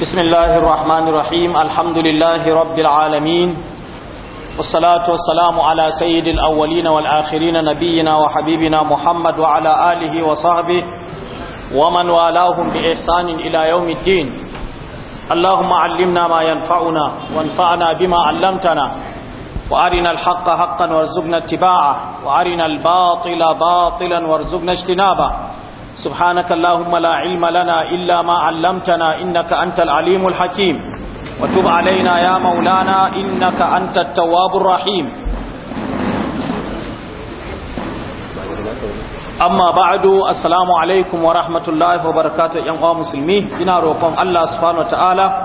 بسم الله الرحمن الرحيم الحمد لله رب العالمين والصلاة والسلام على سيد الأولين والآخرين نبينا وحبيبنا محمد وعلى آله وصحبه ومن والاهم بإحسان إلى يوم الدين اللهم علمنا ما ينفعنا وانفعنا بما علمتنا وأرنا الحق حقا وارزقنا اتباعه وأرنا الباطل باطلا وارزقنا اجتنابه سبحانك اللهم لا علم لنا إلا ما علمتنا إنك أنت العليم الحكيم وتب علينا يا مولانا إنك أنت التواب الرحيم amma ba'adu assalamu alaikum wa rahmatullahi wa barakatuh yan uwa musulmi ina roƙon Allah subhanahu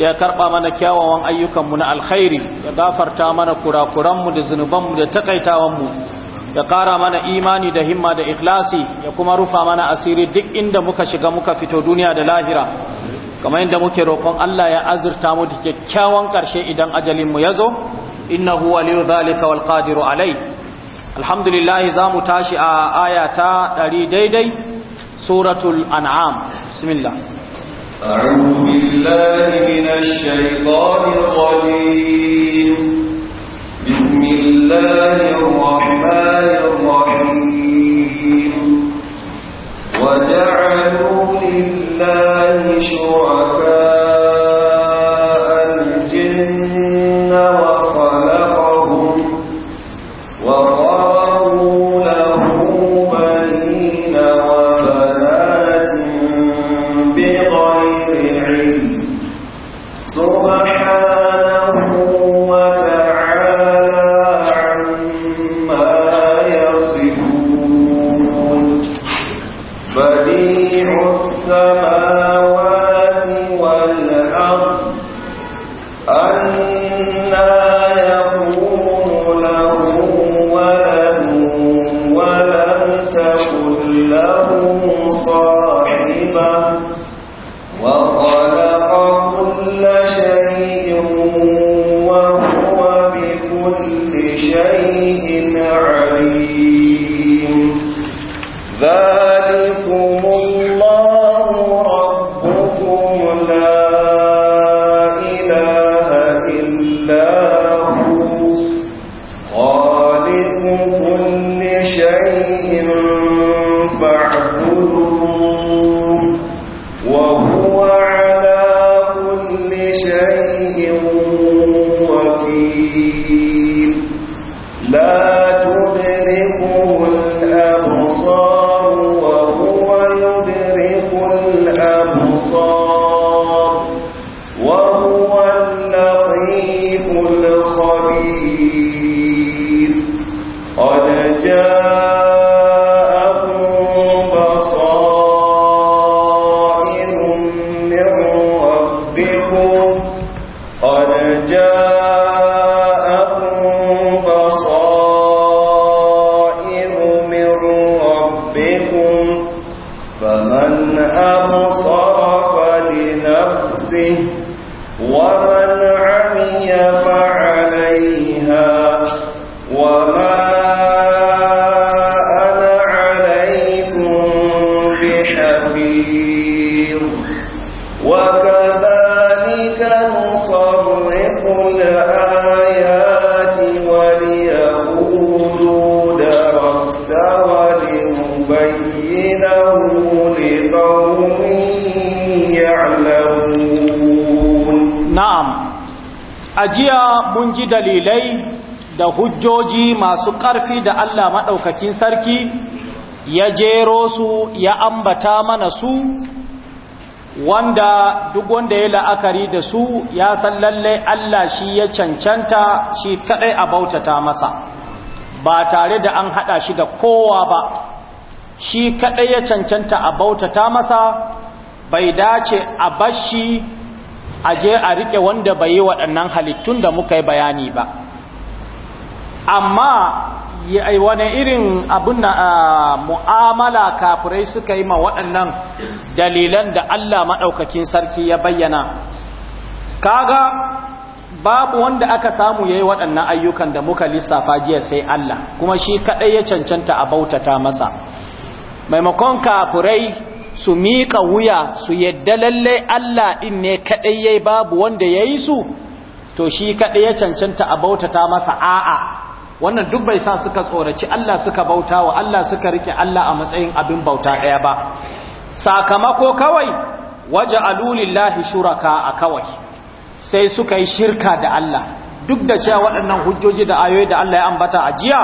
ya karba mana kyawawan ayyukan mu na alkhairi ya gafarta mana kurakuranmu da zunuban da takaitawan mu ya ƙara mana imani da himma da ikhlasi ya kuma rufa mana asiri duk inda muka shiga muka fito duniya da lahira kamar inda muke roƙon Allah ya azurta mu da kyakkyawan ƙarshe idan ajalinmu ya zo innahu waliyu zalika wal qadiru alai alhamdulillah za mu tashi a aya ta 100 daidai suratul an'am bismillah أعوذ بالله من وجعلوا لله شركاء السماء سنصرف الآيات وليقولوا درست ولنبينه لقوم يعلمون نعم ajiya mun ji dalilai da hujjoji masu ƙarfi da Allah maɗaukakin sarki ya jero su ya ambata mana su wanda duk wanda ya la'akari da su ya san lallai Allah shi ya cancanta shi kadai a bautata masa ba tare da an hada shi da kowa ba shi kadai ya cancanta a bautata masa bai dace a bashi a je a rike wanda bai yi waɗannan halittun da muka yi bayani ba amma Wani irin abin na mu'amala kafirai suka yi ma waɗannan dalilan da Allah maɗaukakin sarki ya bayyana kaga babu wanda aka samu yayi waɗannan ayyukan da muka lissafa jiya sai Allah kuma shi kaɗai ya cancanta a bautata masa maimakon kafirai su miƙa wuya su yadda lallai Allah ɗin ne kaɗai yayi babu wanda ya yi su to shi kaɗai ya cancanta a bautata masa a'a wannan duk bai sa suka tsoraci Allah suka bauta wa Allah suka rike Allah a matsayin abin bauta ɗaya ba sakamako kawai waje alulillahi shuraka a kawai sai suka yi shirka da Allah duk da cewa waɗannan hujjoji da ayoyi da Allah ya ambata a jiya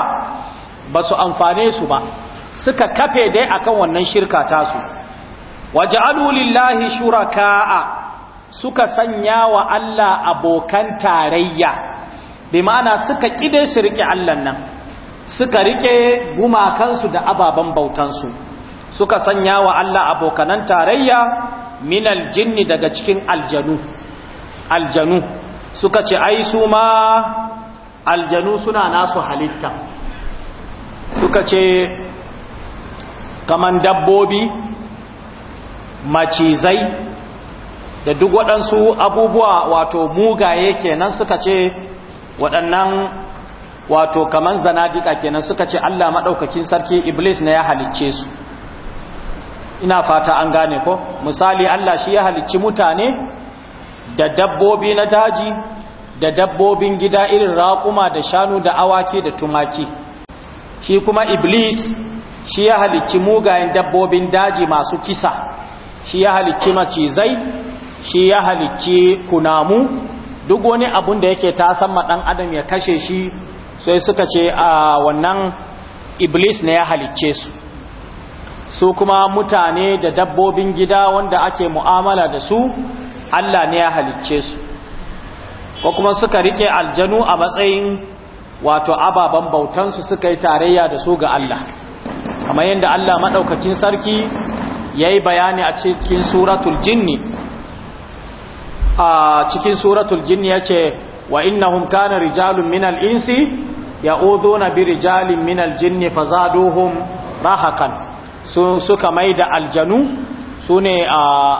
ba su amfane su ba suka kafe dai akan wannan shirka tasu waje alulillahi shuraka suka sanya wa Allah abokan tarayya bi ma'ana suka kide su rike Allah nan suka riƙe gumakansu da ababen bautansu suka sanya wa Allah abokanan tarayya minal jinni daga cikin aljanu aljanu suka ce ai su ma aljanu suna nasu halitta suka ce kaman dabbobi macizai da duk waɗansu abubuwa wato mugaye kenan suka ce waɗannan wato kaman zanadika kenan suka ce Allah maɗaukakin sarki iblis na ya halicce su ina fata an gane ko misali Allah shi ya halicci mutane da dabbobi na daji da dabbobin gida irin raƙuma da shanu da awaki da tumaki shi kuma iblis shi ya halicci mugayen dabbobin daji masu kisa shi ya halicci macizai shi ya halicci kunamu duk wani abun da yake ta san ɗan adam ya kashe shi sai suka ce a wannan iblis ne ya halicce su su kuma mutane da dabbobin gida wanda ake mu'amala da su Allah ne ya halicce su ko kuma suka rike aljanu a matsayin wato ababen bautansu suka yi tarayya da su ga Allah kamar yadda Allah maɗaukakin sarki ya yi bayani a cikin suratul jinni a cikin suratul jin ya ce wa innahum kana rijalun minal insi ya ozo na bi rijalin minal jinni fazaduhum rahakan suka mai da aljanu su ne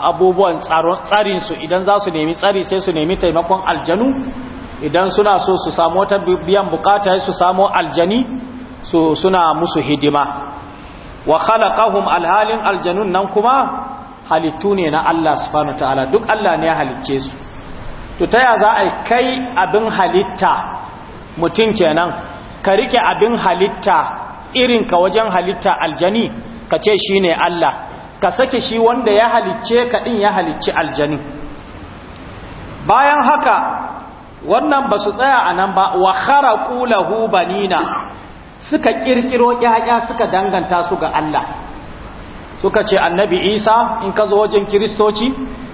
abubuwan tsarinsu idan za su nemi tsari sai su nemi taimakon aljanu idan suna so su samu wata biyan bukata su samu aljani su suna musu hidima wa khalaqahum alhalin aljanun nan kuma halittu ne na Allah subhanahu ta'ala duk Allah ne ya halicce su to ta ya za a kai abin halitta mutum kenan ka rike abin halitta irin ka wajen halitta aljani ka ce shi Allah ka sake shi wanda ya halicce ka ɗin ya halicci aljani bayan haka wannan ba su tsaya a nan ba wa kharaƙu lahu banina suka ƙirƙiro ya'ya suka danganta su ga Allah suka ce annabi isa in ka zo wajen kiristoci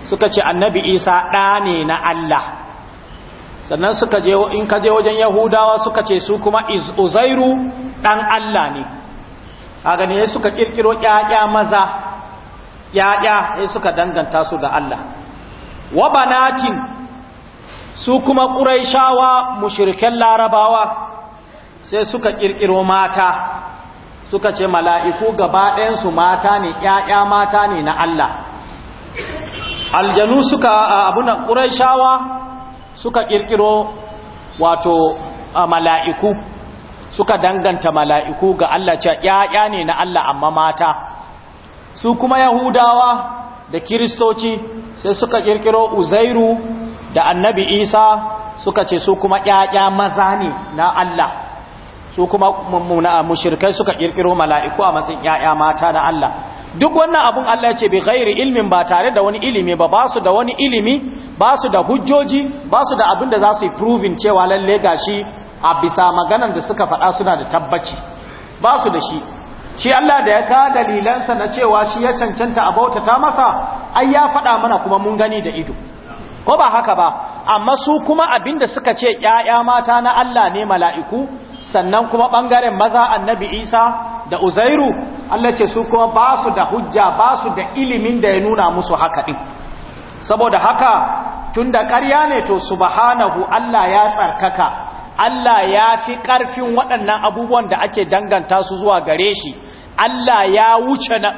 suka ce annabi isa ɗa ne na Allah sannan suka je in ka je wajen yahudawa suka ce su kuma uzairu ɗan Allah ne a ya suka ƙirƙiro ƴaƴa maza ƴaƴa ya suka danganta su da Allah wa banatin su kuma ƙuraishawa mushirken larabawa sai suka ƙirƙiro mata suka ce mala'iku gaba ɗayansu mata ne ‘ya'ya mata ne na Allah aljanu suka abu abunan ƙuraishawa suka ƙirƙiro wato mala'iku suka danganta mala'iku ga Allah ce ‘ya'ya ne na Allah amma mata su kuma yahudawa da kiristoci sai suka ƙirƙiro uzairu da annabi isa suka ce su kuma ‘ya'ya maza ne na Allah su kuma mummuna a mushrikai suka kirkiro mala'iku a matsayin yaya mata na Allah duk wannan abun Allah ya ce bi gairi ilmin ba tare da wani ilimi ba ba su da wani ilimi ba su da hujjoji ba su da abin da za su yi proving cewa lalle ga shi a bisa maganan da suka faɗa suna da tabbaci ba su da shi shi Allah da ya ka dalilansa na cewa shi ya cancanta a ta masa ai ya faɗa mana kuma mun gani da ido ko ba haka ba amma su kuma abin da suka ce yaya mata na Allah ne mala'iku sannan kuma ɓangaren maza annabi isa da uzairu Allah ce su kuma ba su da hujja ba su da ilimin da ya nuna musu haka ɗin saboda haka tun da ƙarya ne to subhanahu Allah ya tsarkaka Allah ya fi ƙarfin waɗannan abubuwan da ake danganta su zuwa gare shi Allah ya wuce na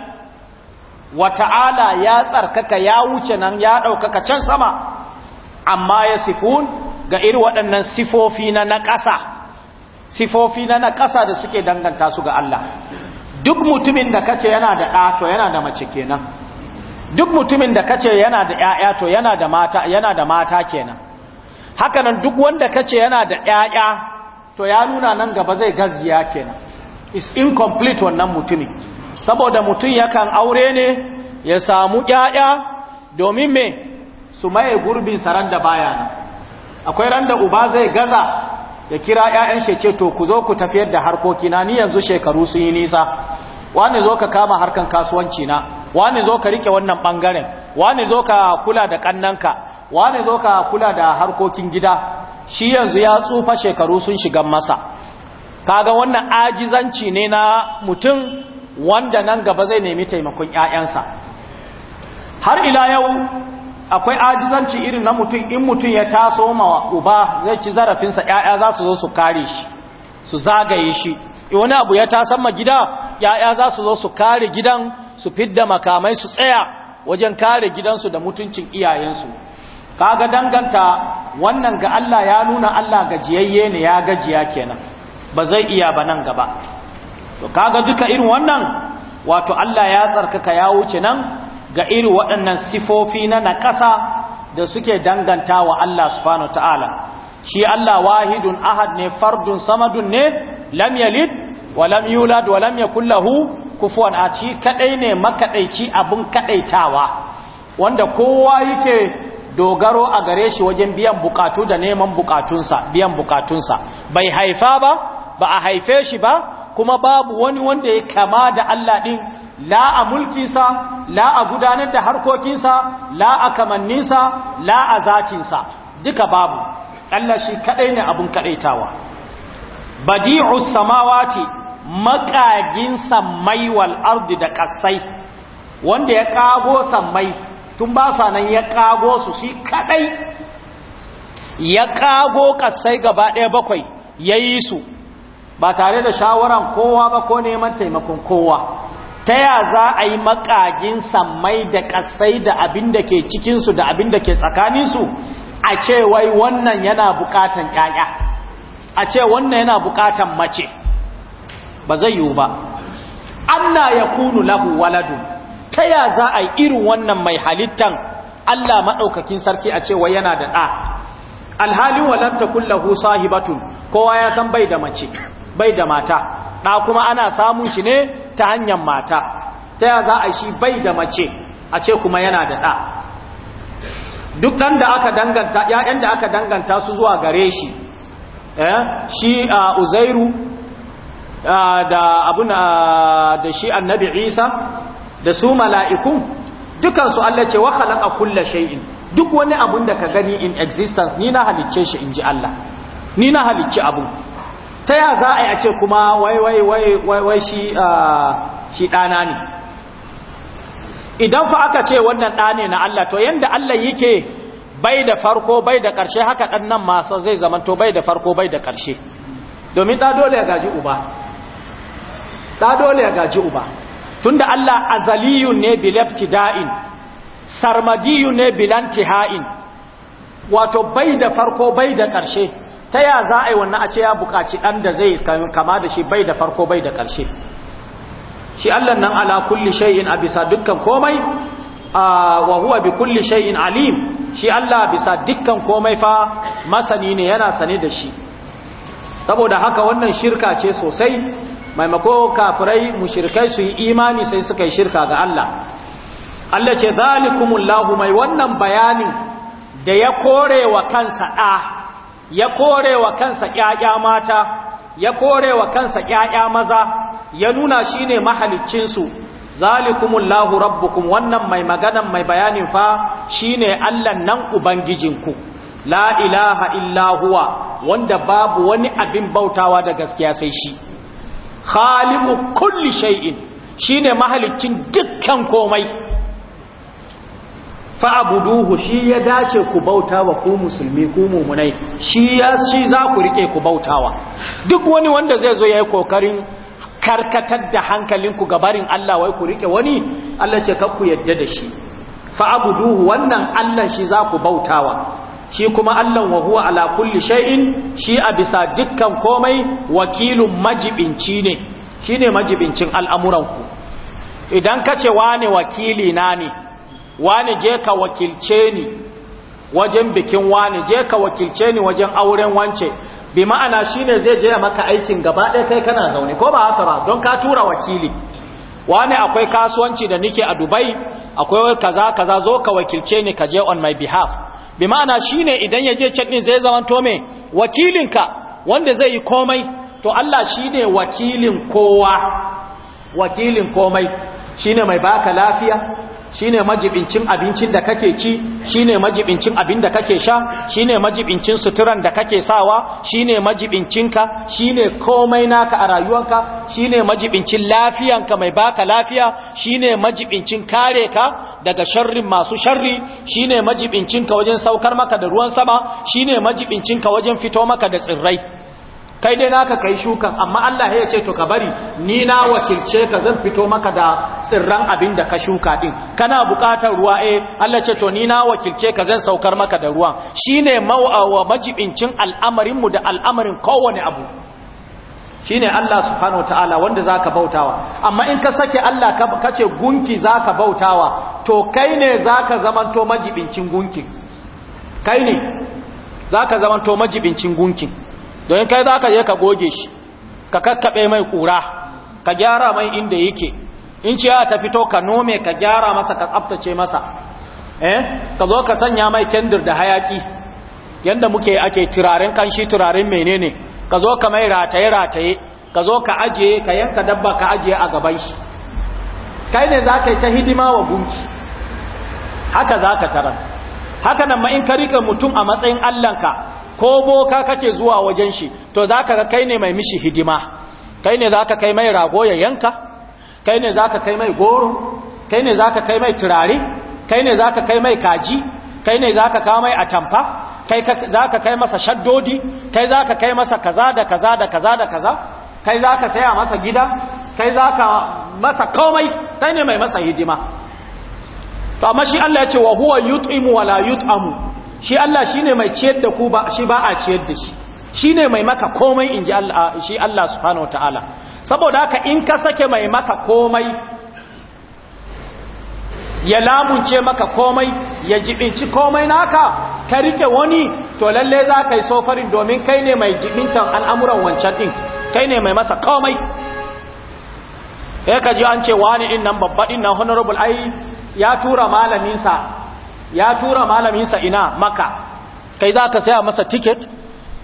wata'ala ya tsarkaka ya wuce nan ya ɗaukaka can sama amma ya sifun ga iri waɗannan sifofi na na ƙasa sifofi na naƙasa da suke danganta su ga Allah duk mutumin da kace yana da ɗa to yana da mace kenan duk mutumin da kace yana da ƴaƴa to yana da mata yana da mata kenan haka nan duk wanda kace yana da ƴaƴa to ya nuna nan gaba zai gaziya kenan is incomplete wannan mutumin saboda mutum yakan aure ne ya samu ƴaƴa domin me su maye gurbin saranda baya nan akwai randa uba zai gaza ya kira ‘ya'yan shi to ku zo ku tafiyar da harkoki na ni yanzu shekaru sun yi nisa wani zo ka kama harkan kasuwanci na wani zo ka rike wannan ɓangaren wani zo ka kula da ƙannanka wani zo ka kula da harkokin gida shi yanzu ya tsufa shekaru sun shiga masa kaga wannan ajizanci ne na mutum wanda nan gaba zai nemi taimakon ‘ya'yansa har ila yau akwai ajizanci irin na mutum in mutum ya taso ma uba zai ci zarafinsa ‘ya'ya za su zo su kare shi su zagaye shi wani abu ya tasan ma gida ‘ya'ya za su zo su kare gidan su fidda makamai su tsaya wajen kare gidansu da mutuncin iyayensu kaga danganta wannan ga Allah ya nuna Allah gajiyayye ne ya gajiya kenan ba zai iya ba nan gaba to kaga duka irin wannan wato Allah ya tsarkaka ya wuce nan ga iri waɗannan sifofi na naƙasa da suke danganta wa Allah subhanahu ta'ala shi Allah wahidun ahad ne fardun samadun ne lam yalid wa lam yulad wa lam yakul hu, kufuwan a ci kadai ne makadaici abun kadaitawa wanda kowa yake dogaro a gare shi wajen biyan bukatu da neman bukatunsa biyan bukatunsa bai haifa ba ba a haife shi ba kuma babu wani wanda ya kama da Allah din la a mulkinsa la a gudanar da harkokinsa la a kamanninsa la a zakinsa duka babu Allah shi kadai ne abun kadaitawa badi'us samawati makagin sammai wal ardi da kasai wanda ya kago sammai tun ba sa nan ya kago su shi kadai ya kago kasai gaba ɗaya bakwai yayi su ba tare da shawaran kowa ba ko neman taimakon kowa ta ya za a yi makagin samai da ƙasai da abin da ke cikinsu da abin da ke tsakaninsu a ce wai wannan yana buƙatan ƴaƴa a ce wannan yana buƙatan mace ba zai yiwu ba An ya kunu lahu waladu ta ya za a yi irin wannan mai halittan Allah maɗaukakin sarki a ce wai yana da ɗa alhalin walam takun lahu sahibatun kowa ya san bai da mace bai da mata ɗa kuma ana samun shi ne ta hanyar mata ta ya za a shi bai da mace a ce kuma yana da ɗa duk ɗan da aka danganta ‘ya'yan da aka danganta su zuwa gare shi eh, shi a uzairu da abu da shi annabi isa da su mala'iku dukansu Allah ce wa halaka kulla shay'in duk wani abun da ka gani in existence ni na halicce shi in ji Allah ni na halicce abu ta ya za a yi a ce kuma wai wai wai wai shi ɗana ne idan fa aka ce wannan ɗa ne na Allah to yadda Allah yake bai da farko bai da ƙarshe haka ɗan nan masu zai zamanto bai da farko bai da ƙarshe domin ɗa dole ya gaji uba ɗa dole ya gaji uba tunda Allah azaliyu ne bilabti da'in sarmadiyu ne bilanti ha'in wato bai da farko bai da ƙarshe ta ya za a yi wannan a ce ya buƙaci ɗan da zai kama da shi bai da farko bai da ƙarshe shi Allah nan ala kulli shay'in a bisa dukkan komai wa huwa bi kulli shay'in alim shi Allah bisa dukkan komai fa masani ne yana sane da shi saboda haka wannan shirka ce sosai maimako kafirai mushrikai su yi imani sai suka yi shirka ga Allah Allah ce zalikumullahu mai wannan bayanin da ya kore wa kansa ɗa ya kore wa kansa ƴaƴa mata ya kore wa kansa ƴaƴa maza ya nuna shine mahalicinsu zalikumullahu rabbukum wannan mai maganan mai bayanin fa shi ne Allah nan ubangijinku la ilaha illa huwa wanda babu wani abin bautawa da gaskiya sai shi khaliqu kulli shay'in shine mahalicin dukkan komai abuduhu shi ya dace ku bautawa ku musulmi ku mumunai shi ya shi za ku rike ku bautawa duk wani wanda zai zo yayi kokarin karkatar da hankalinku ga barin Allah wai ku rike wani Allah ce kar ku yadda da shi abuduhu wannan Allah shi za ku bautawa shi kuma Allah wa huwa ala kulli shay'in shi a bisa dukkan komai wakilun majibinci ne shine majibincin al'amuranku idan kace wane wakili na ne wani je ka wakilce ni wajen bikin wani je ka wakilce ni wajen auren wance bi ma'ana shine zai je maka aikin gaba ɗaya kai kana zaune ko ba haka ba don ka tura wakili wani akwai kasuwanci da nike a dubai akwai kaza kaza zo ka wakilce ni ka je on my behalf bi ma'ana shine idan ya je can din zai zama to wakilinka wanda zai yi komai to Allah shine wakilin kowa wakilin komai shine mai baka lafiya shine majibincin abincin da kake ci shine majibincin abin da kake sha shine majibincin suturan da kake sawa shine majibincinka shine komai naka a rayuwanka shine majibincin lafiyanka mai baka lafiya shine majibincin kare ka daga sharrin masu sharri shine majibincinka wajen saukar maka da ruwan sama shine majibincinka wajen fito maka da tsirrai kai dai naka kai shukan amma Allah ya ce to ka bari ni na wakilce ka zan fito maka da tsirran abin da ka shuka din kana buƙatar ruwa eh Allah ce to ni na wakilce ka zan saukar maka da ruwan shine mawa majibincin al'amarin mu da al'amarin kowane abu shine Allah subhanahu wataala wanda zaka bautawa amma in ka sake Allah ka kace gunki zaka bautawa to kai ne zaka to majibincin gunkin kai ne zaka to majibincin gunkin don kai za ka je ka goge shi ka kakkaɓe mai ƙura ka gyara mai inda yake in ciya ta fito ka nome ka gyara masa ka tsabtace masa eh ka zo ka sanya mai kendir da hayaki yadda muke ake turaren kanshi turaren menene ka zo ka mai rataye rataye ka zo ka ajiye ka yanka dabba ka ajiye a gaban shi kai ne za ka yi ta hidima wa gunki haka za ka tarar haka nan ma in ka rike mutum a matsayin allanka ko boka kake zuwa wajen shi to za ka kai ne mai mishi hidima kai ne za ka kai mai rago ya yanka kai ne za ka kai mai goro kai ne za ka kai mai turare kai ne za ka kai mai kaji kai ne za ka kawo mai atamfa kai za ka kai masa shaddodi kai za ka kai masa kaza da kaza da kaza da kaza kai za ka saya masa gida kai za ka masa komai kai ne mai masa hidima to amma shi Allah ya ce wa huwa yut'imu wa la yut'amu shi Allah shi ne mai ciyar da ku shi ba a ciyar da shi shi mai maka komai in ji Allah shi Allah subhanahu wata'ala saboda haka in ka sake mai maka komai ya lamunce maka komai ya jibinci komai naka ka rike wani to lalle za ka yi sofarin domin kai ne mai jibintan al'amuran wancan ɗin kai ne mai masa komai ya kaji an ce wani in nan babba in nan honorable ai ya tura malaminsa ya tura malaminsa ina maka kai za ka saya masa ticket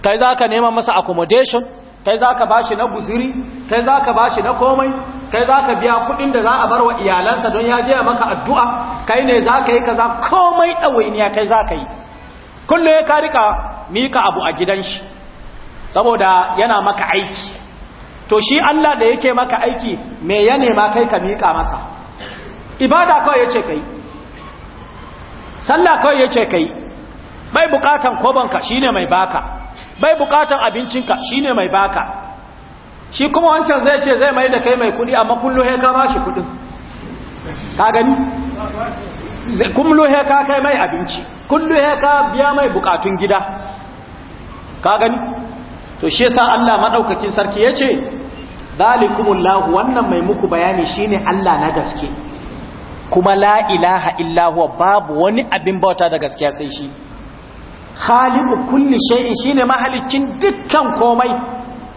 kai za ka nema masa accommodation kai za ka bashi na guziri kai za ka bashi na komai kai za ka biya kudin da za a bar wa iyalansa don ya je maka addu'a kai ne za ka yi kaza komai ɗawainiya kai za ka yi kullum ya karika mika abu a gidan shi saboda yana maka aiki to shi Allah da yake maka aiki me ya nema kai ka mika masa ibada kawai ya ce kai sallah kawai yace kai bai bukatan kobanka shine mai baka bai bukatan abincinka shine mai baka shi kuma wancan zai ce zai mai da kai mai kudi amma kullu he ka shi kudin ka gani kullu ka kai mai abinci kullu he ka biya mai bukatun gida ka gani to shi yasa Allah madaukakin sarki yace zalikumullahu wannan mai muku bayani shine Allah na gaske kuma la ilaha illa babu wani abin bauta da gaskiya sai shi khaliqu kulli shay'in shine mahalikin dukkan komai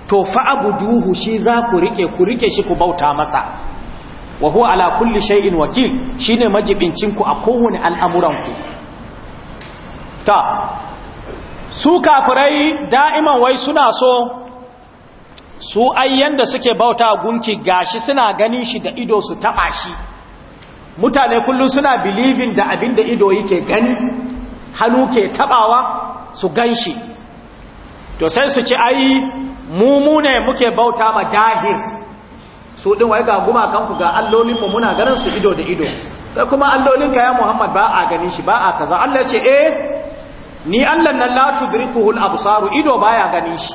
to fa abuduhu shi za ku rike ku rike shi ku bauta masa wa huwa ala kulli shay'in wakil shine majibincin ku a kowane al'amuran ku ta su kafirai da'iman wai suna so su ayyanda suke bauta gunki gashi suna ganin shi da ido su taba shi mutane kullum suna bilibin da abin da ido yake gani hannu ke tabawa su gan shi. to sai su ce ai mu ne muke bauta ma dahir su din wai ga guma gumakanku ga allolinmu muna ganin su ido da ido sai kuma allolinka ya muhammad ba a ganin shi ba a kaza allah ce eh ni allah nan la tudrikuhu al-absaru ido baya ganin shi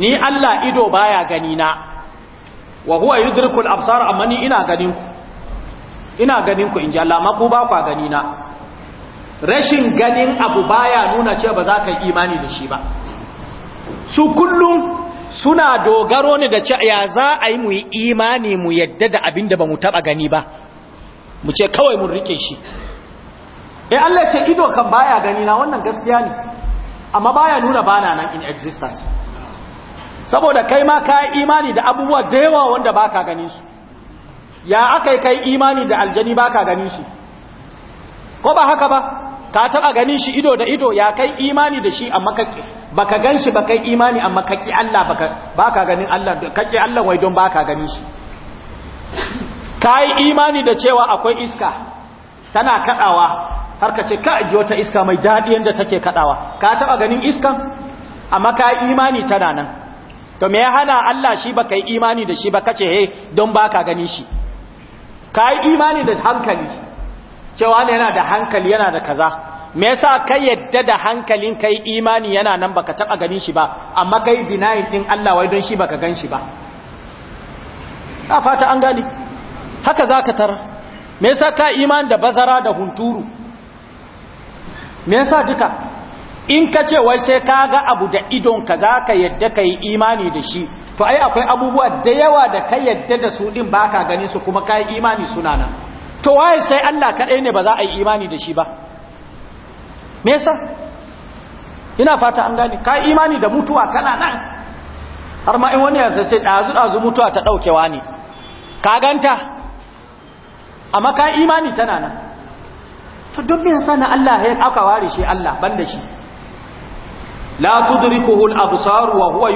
ni allah ido baya gani na wa huwa yudrikul absar amma ni ina ganin ku ina ganin ku in ji Allah ku ba kwa gani na rashin ganin abu baya nuna ce ba za ka yi imani da shi ba su kullum suna dogaro ne da ce ya za a yi mu yi imani mu yadda da abinda da ba mu taɓa gani ba mu ce kawai mun rike shi eh Allah ce ido kan baya gani na wannan gaskiya ne amma baya nuna ba na nan in existence saboda kai ma ka imani da abubuwa da yawa wanda baka ganin su ya aka yi kai imani da aljani ba ka ganin shi ko ba haka ba ka taɓa ganin shi ido da ido ya kai imani da shi amma kake ba ka gan shi ba kai imani amma kake Allah ba ka ganin Allah kake Allah wai don ba ka ganin shi ka yi imani da cewa akwai iska tana kaɗawa har ka ce ka ji wata iska mai daɗi yadda take kaɗawa ka taɓa ganin iskan amma ka yi imani tana nan to me ya hana Allah shi ba ka yi imani da shi ba kace he don ba ka gani shi ka yi imani da hankali cewa ne yana da hankali yana da kaza me yasa ka yadda da hankalin ka yi imani yana nan baka taba ganin shi ba amma kai denying din Allah wai don shi baka gan shi ba a fata an gani haka zaka tar me yasa ka imani da bazara da hunturu me yasa duka in ka ce wai sai ka ga abu da idonka za ka yadda ka yi imani da shi to ai akwai abubuwa da yawa da ka yadda da su ɗin ba ka gani su kuma ka yi imani suna nan to waye sai Allah kaɗai ne ba za a yi imani da shi ba me yasa ina fata an gani ka yi imani da mutuwa kana nan har ma in wani ya ce ɗazu ɗazu mutuwa ta ɗaukewa ne ka ganta amma ka yi imani tana nan to duk sana Allah ya aka ware shi Allah ban da shi la tudrikuhu al-absar wa huwa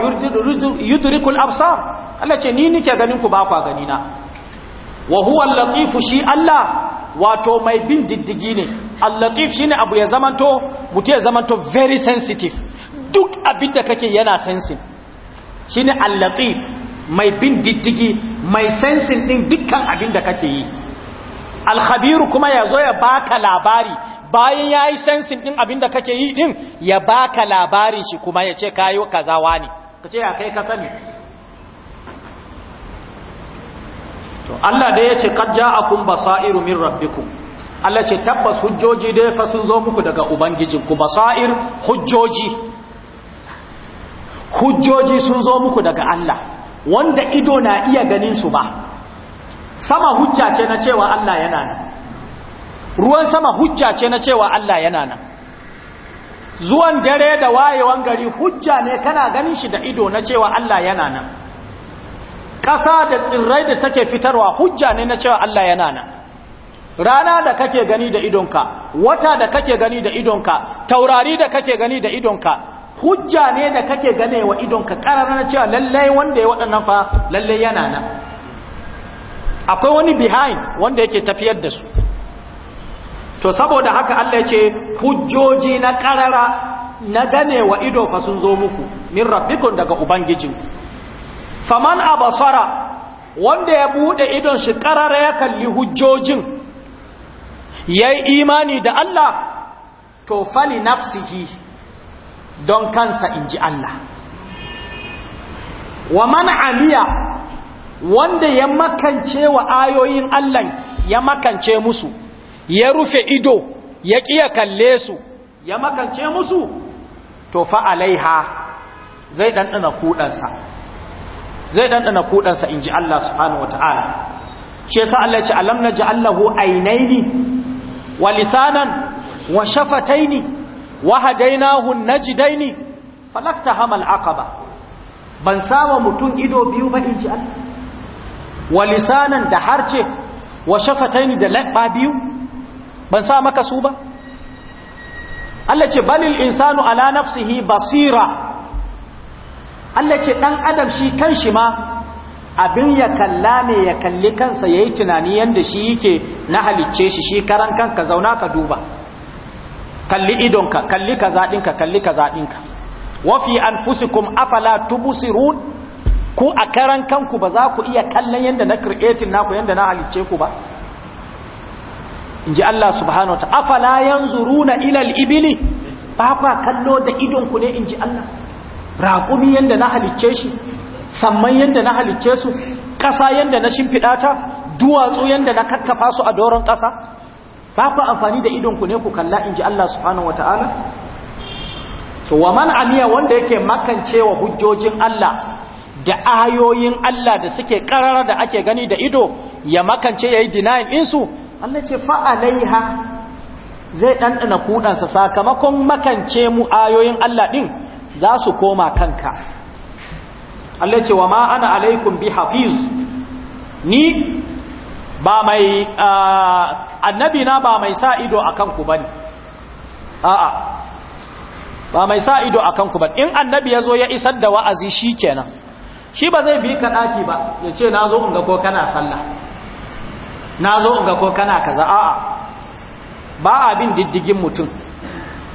yudriku al-absar Allah ce ni nike ganin ku ba kwa gani na wa huwa al-latif shi Allah wato mai bin diddigi ne al-latif shine abu ya zamanto mutu zamanto very sensitive duk abin da kake yana sensin shine al-latif mai bin diddigi mai sensin din dukkan abin da kake yi al kuma kuma yazo ya baka labari bayan ya yi sensin ɗin abin da kake yi ɗin ya baka labarin shi kuma ya ce kayo kazawa ne ka ce ya kai ka sani Allah da ya ce ƙajja a kun sa'iru min rabbiku Allah ce tabbas hujjoji da ya sun zo muku daga ubangijin Ubangijinku basair hujjoji hujjoji sun zo muku daga Allah wanda ido na iya ganin su ba sama hujja ce na cewa Allah yana nan ruwan sama hujja ce na cewa Allah yana nan zuwan dare da wayewan gari hujja ne kana ganin shi da ido na cewa Allah yana nan ƙasa da tsirrai da take fitarwa hujja ne na cewa Allah yana nan rana da kake gani da idonka wata da kake gani da idonka taurari da kake gani da idonka hujja ne da kake gane wa idonka ƙarar na cewa lallai wanda ya waɗannan fa lallai yana nan akwai wani behind wanda yake tafiyar da su to saboda haka Allah ya ce hujjoji na karara na ganewa ido fa sun zo muku min rabbikum daga ubangijin faman abasara wanda ya bude idon shi karara ya kalli hujjojin yayi imani da Allah to fali nafsihi don kansa inji Allah wa man aliya wanda ya makance wa ayoyin Allah ya makance musu ya rufe ido ya ƙiya kalle su ya makance musu to fa alaiha zai ɗanɗana kuɗansa zai ɗanɗana kuɗansa in ji Allah subhanahu wa ta'ala shi sa Allah ce alam na ji Allahu ainaini wa lisanan wa shafataini wa hadainahu najdaini falakta hamal akaba. ban sawa mutum ido biyu ba in ji Allah wa lisanan da harce wa shafataini da labba biyu ban sa maka su ba Allah ce balil insanu ala nafsihi basira Allah ce dan adam shi kanshi ma abin ya kalla ne ya kalli kansa yayi tunani yanda shi yake na halicce shi shi karan kanka zauna ka duba kalli idonka kalli kaza dinka kalli kaza dinka wa fi anfusikum afala tubsirun ku a karan kanku ba za ku iya kallon yanda na creating naku yanda na halicce ku ba in ji Allah subhanahu wa afala yanzuruna ila al-ibili ba kwa kallo da idon ku ne in ji Allah raƙumi yanda na halicce shi samman yanda na halicce su ƙasa yanda na shimfiɗa ta duwatsu yanda na kakkafa su a doron ƙasa ba kwa amfani da idonku ne ku kalla in ji Allah subhanahu wa ta'ala to wa man amiya wanda yake makancewa hujjojin Allah da ayoyin Allah da suke karara da ake gani da ido ya makance yayi denying insu Allah ce fa'alaiha zai ɗanɗana kuɗansa sakamakon makance mu ayoyin Allah ɗin za su koma kanka Allah ce wa ma ana alaikum bi hafiz ni ba mai annabi na ba mai sa ido a kanku ba a'a ba mai sa ido a kanku ba in annabi ya ya isar da wa'azi shi kenan shi ba zai bi ka ɗaki ba ya ce na zo in ga ko kana sallah na zo ga ko kana za? a'a ba abin diddigin mutum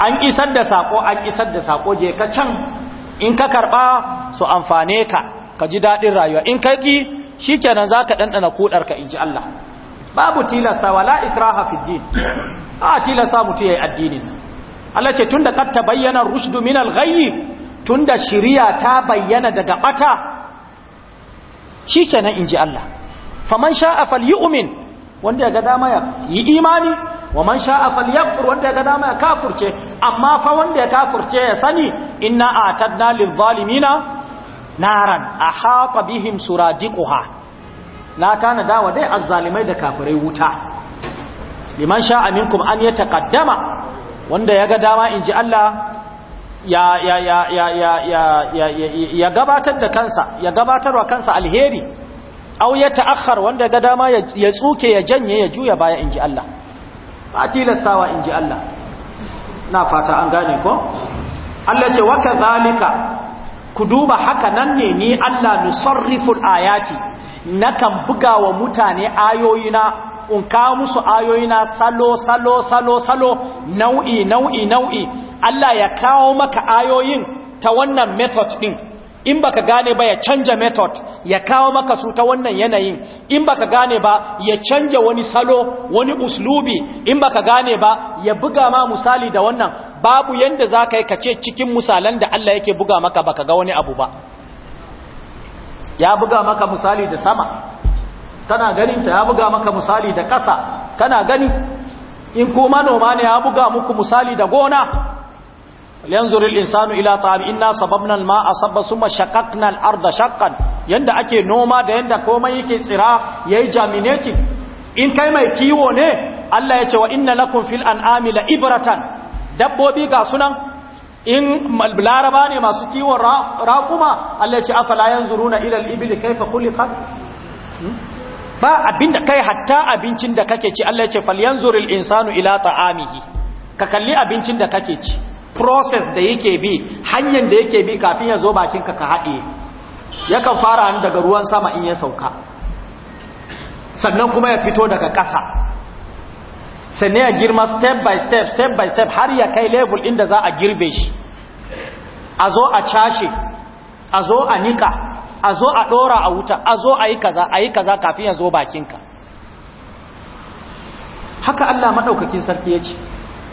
an isar da sako an isar da sako je ka can in ka karba su amfane ka ka ji daɗin rayuwa in ka ki shikenan zaka dandana kuɗar ka inji Allah babu tilasta wala ikraha hafi din a tilasta mutum yi addinin Allah ce tunda kad bayyana rushdu min al tun da shiriya ta bayyana daga bata in ji Allah faman yi umin wanda ya ga dama ya yi imani wa man sha'a falyakfur wanda ya ga dama ya kafurce amma fa wanda ya kafurce ya sani inna atadna lizzalimina naran ahata bihim suradiquha la kana dawa dai azzalimai da kafirai wuta liman sha'a minkum an yataqaddama wanda ya ga dama inji Allah ya ya ya ya ya ya ya gabatar da kansa ya gabatarwa kansa alheri au ya ta'akhkhar wanda ga dama ya tsuke ya janye ya juya baya inji Allah ba tilastawa inji Allah na fata an gane ko Allah ce wa kadhalika ku duba haka nan ne ni Allah nusarriful ayati nakan buga wa mutane ayoyina in kawo musu ayoyina salo salo salo salo nau'i nau'i nau'i Allah ya kawo maka ayoyin ta wannan method din in baka gane ba ya canja method ya kawo maka su ta wannan yanayin in baka gane ba ya canja wani salo wani uslubi in baka gane ba ya buga ma misali da wannan babu yanda zaka yi ka ce cikin misalan da Allah yake buga maka baka ga wani abu ba ya buga maka misali da sama kana ganinta ya buga maka misali da ƙasa kana gani in ko manoma ne ya buga muku misali da gona yanzuril insanu ila ta'am inna sababna al-ma'a sabba summa shaqqaqna al-arda shaqqan yanda ake noma da yanda komai yake tsira yayi germinating in kai mai kiwo ne Allah ya ce wa inna lakum fil an'ami la ibratan dabbobi ga sunan in laraba ne masu kiwon raƙuma Allah ya ce afala yanzuruna ila al-ibli kayfa khuliqat ba abinda kai hatta abincin da kake ci Allah ya ce falyanzuril insanu ila ta'amihi ka kalli abincin da kake ci process da yake bi hanyar da yake bi kafin ya zo bakinka ka haɗe yakan fara ni daga ruwan sama in ya sauka sannan kuma ya fito daga ƙasa sannan ya girma step by step step by step har ya kai level inda za a girbe shi a zo a cashe a zo a nika a zo a ɗora a wuta a zo a yi kaza a yi kaza kafin ya zo bakinka haka Allah maɗaukakin sarki ya ce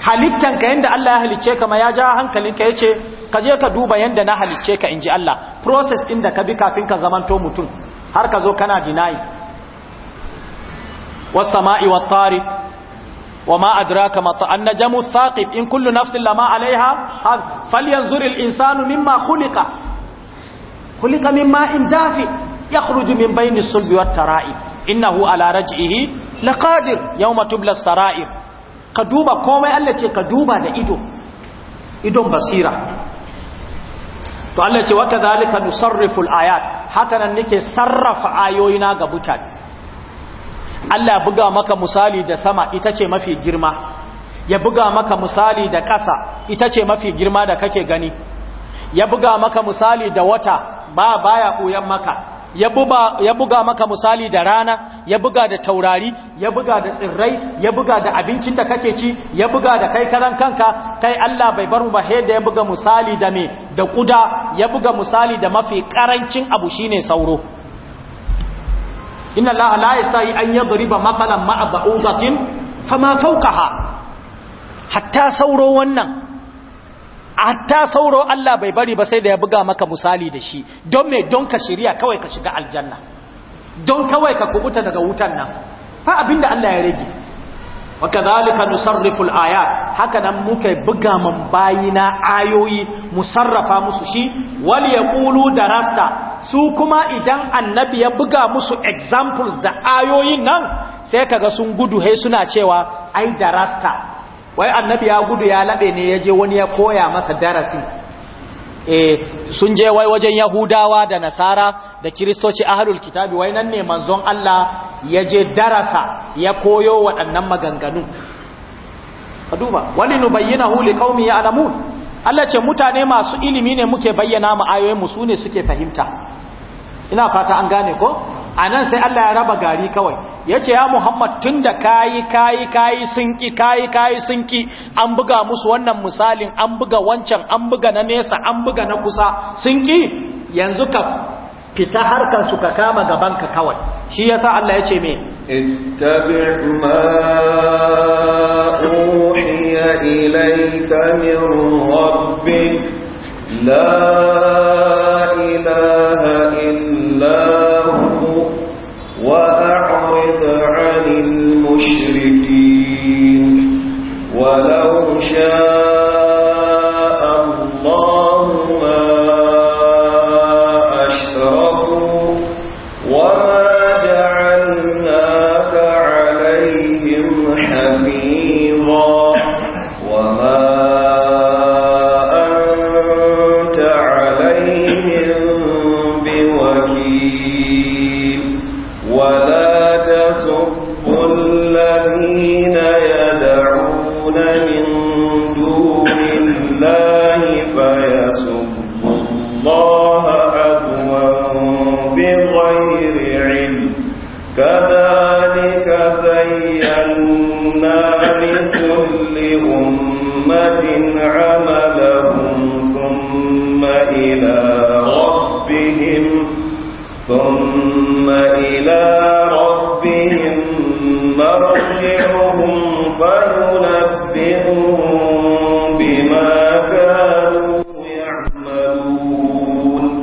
halittan ka yanda Allah ya halicce ka ma ya ja hankalin ka yace ka je ka duba yanda na halicce ka inji Allah process ɗin da ka bi kafin ka zamanto mutum har ka zo kana deny Wasu sama'i wat wa wama adraka ma ta annajamu thaqib in kullu nafsin lama alaiha falyanzur al insanu mimma khuliqa khuliqa mimma in dafi yakhruju min bayni sulbi tara'i innahu ala raj'ihi laqadir yawma tubla sarair ka duba komai Allah ce ka duba da ido idon basira to Allah ce wata zalika nusarriful ayat haka nan nake sarrafa ayoyina ga mutane Allah buga maka misali da sama ita ce mafi girma ya buga maka misali da ƙasa ita ce mafi girma da kake gani ya buga maka misali da wata ba baya koyan maka ya buga maka misali da rana ya buga da taurari ya buga da tsirrai ya buga da abincin da kake ci ya buga da kai karan kanka kai Allah bai bar mu ba da ya buga misali da me da kuda ya buga misali da mafi karancin abu shine sauro inna Allah la yasai an yadriba mathalan ma'a ba'udatin fama fawqaha hatta sauro wannan hatta sauro Allah bai bari ba sai da ya buga maka misali da shi don me don ka shirya kawai ka shiga aljanna don kawai ka kubuta daga wutan nan fa abinda Allah ya rage wa kadhalika nusarriful ayat haka nan muka buga man bayina ayoyi musarrafa musu shi wal yaqulu darasta su kuma idan annabi ya buga musu examples da ayoyin nan sai kaga sun gudu he suna cewa ai darasta wai annabi ya gudu ya laɓe ne ya je wani ya koya masa darasi eh sun je wai wajen yahudawa da nasara da kiristoci ahalul kitabi wai nan ne manzon Allah ya je darasa ya koyo waɗannan maganganu ka duba wani nubayyana huli ƙaumi ya alamu Allah ce mutane masu ilimi ne muke bayyana mu ayoyin mu sune suke fahimta ina fata an gane ko a nan sai Allah ya raba gari kawai yace ya Muhammad tun da kayi kayi kayi sinki kayi kayi sinki an buga musu wannan misalin an buga wancan an buga na nesa an buga na kusa sinki yanzu ka fita harkar su ka kama gaban ka kawai shi yasa Allah ya ce me ittabi'u ma uhiya ilayka min rabbik la ilaha شاء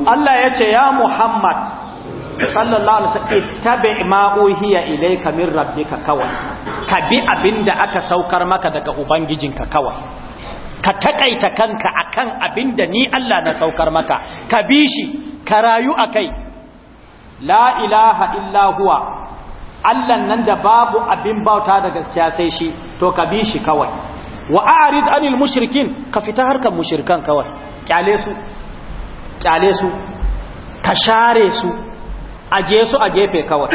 Allah ya ce ya Muhammad sallallahu alaihi wasallam ittabi ma uhiya ilayka min ka kawai ka bi abinda aka saukar maka daga ubangijinka kawai ka takaita kanka akan abinda ni Allah na saukar maka ka bi shi ka rayu akai la ilaha illa huwa Allah nan da babu abin bauta da gaskiya sai shi to ka bi shi kawai wa arid anil mushrikin ka fita harkan mushrikan kawai kyale su kyale su ka share su aje su a gefe kawai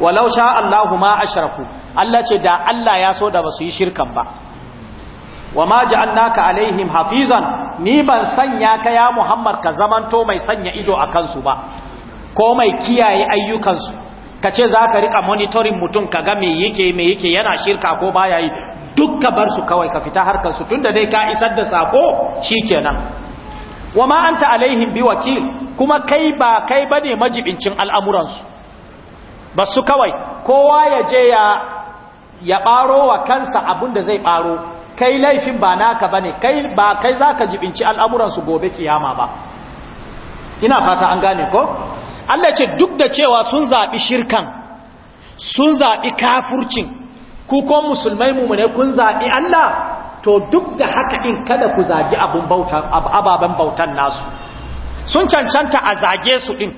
walau sha Allahu ma ashraku Allah ce da Allah ya so da basu yi shirkan ba wa ma alaihim hafizan ni ban sanya ka ya Muhammad ka zamanto mai sanya ido akan su ba ko mai kiyaye ayyukan su ka ce za ka riƙa monitoring mutum ka ga me yake me yake yana shirka ko baya yi duk ka bar su kawai ka fita harkar su tunda dai ka isar da sako shikenan wa ma anta bi wakil kuma kai ba kai bane majibincin al'amuransu su ba su kawai kowa ya je ya ya baro wa kansa abun da zai baro kai laifin ba naka bane kai ba kai za ka jibinci al'amuransu gobe kiyama ba ina fata an gane ko Allah ce duk da cewa sun zaɓi shirkan sun zaɓi kafurcin ku ko musulmai ne kun zaɓi Allah to duk da haka in kada ku zagi ababen bautan nasu sun cancanta a zage su ɗin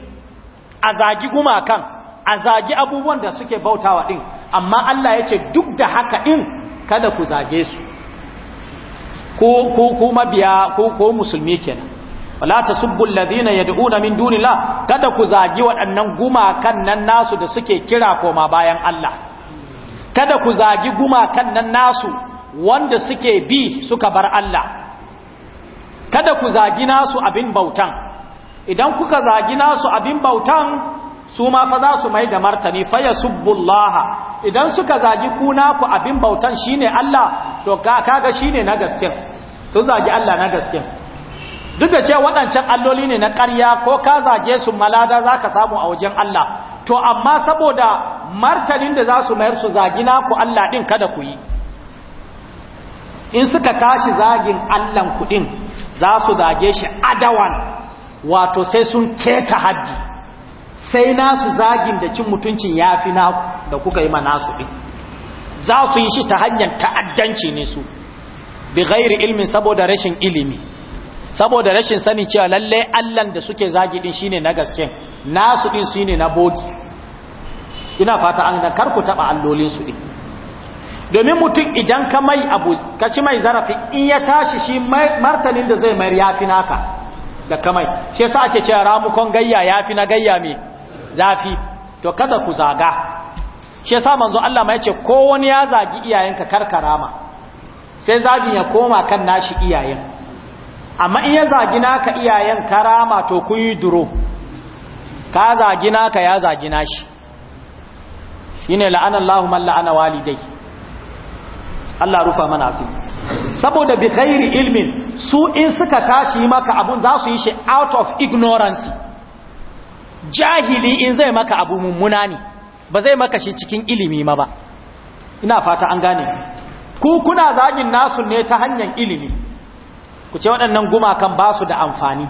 a zagi gumakan a zagi abubuwan da suke bautawa ɗin amma Allah ya ce duk da haka ɗin kada ku zage su ku mabiya ko musulmi kenan wala tasubbu alladhina yad'una min dunillah kada ku zagi waɗannan gumakan nan nasu da suke kira koma bayan Allah kada ku zagi gumakan nan nasu wanda suke bi suka bar Allah kada ku zagi nasu abin bautan idan kuka zagi nasu abin bautan su ma fa za su mai da martani faya subbullaha idan suka zagi kuna ku abin bautan shine Allah to kaga shine na gaskin sun zagi Allah na gaske. duk da cewa waɗancan alloli ne na ƙarya ko ka zage su malada za ka samu a wajen Allah to amma saboda martanin da za su mayar su zagina ku Allah ɗin kada ku yi in suka tashi zagin Allahn kuɗin za su zage shi adawan wato sai sun keta haddi sai nasu zagin da cin mutuncin ya fi na da kuka yi ma nasu ɗin za su yi shi ta hanyar ta'addanci ne su bi ilmin saboda rashin ilimi saboda rashin sanin cewa lalle allan da suke zagi din shine na gasken nasu din shine na bogi ina fata an da karku taba allolin su din domin mutum idan ka mai abu ka ci mai zarafi in ya tashi shi martanin da zai mayar yafi naka da kamai shi yasa ake cewa ramukon gayya yafi na gayya me zafi to kada ku zaga shi yasa manzo Allah ma ce ko wani ya zagi iyayenka karkarama sai zagin ya koma kan nashi iyayen amma in ya zagi naka iyayen karama to ku yi duro ka zagi naka ya zagi nashi shine la'anan Allahu man la'ana walidai Allah rufa mana asiri saboda bi khairi ilmin su in suka tashi maka abun za su yi shi out of ignorance jahili in zai maka abu mummuna ne ba zai maka shi cikin ilimi ma ba ina fata an gane ku kuna zagin nasu ne ta hanyar ilimi ku ce waɗannan gumakan ba su da amfani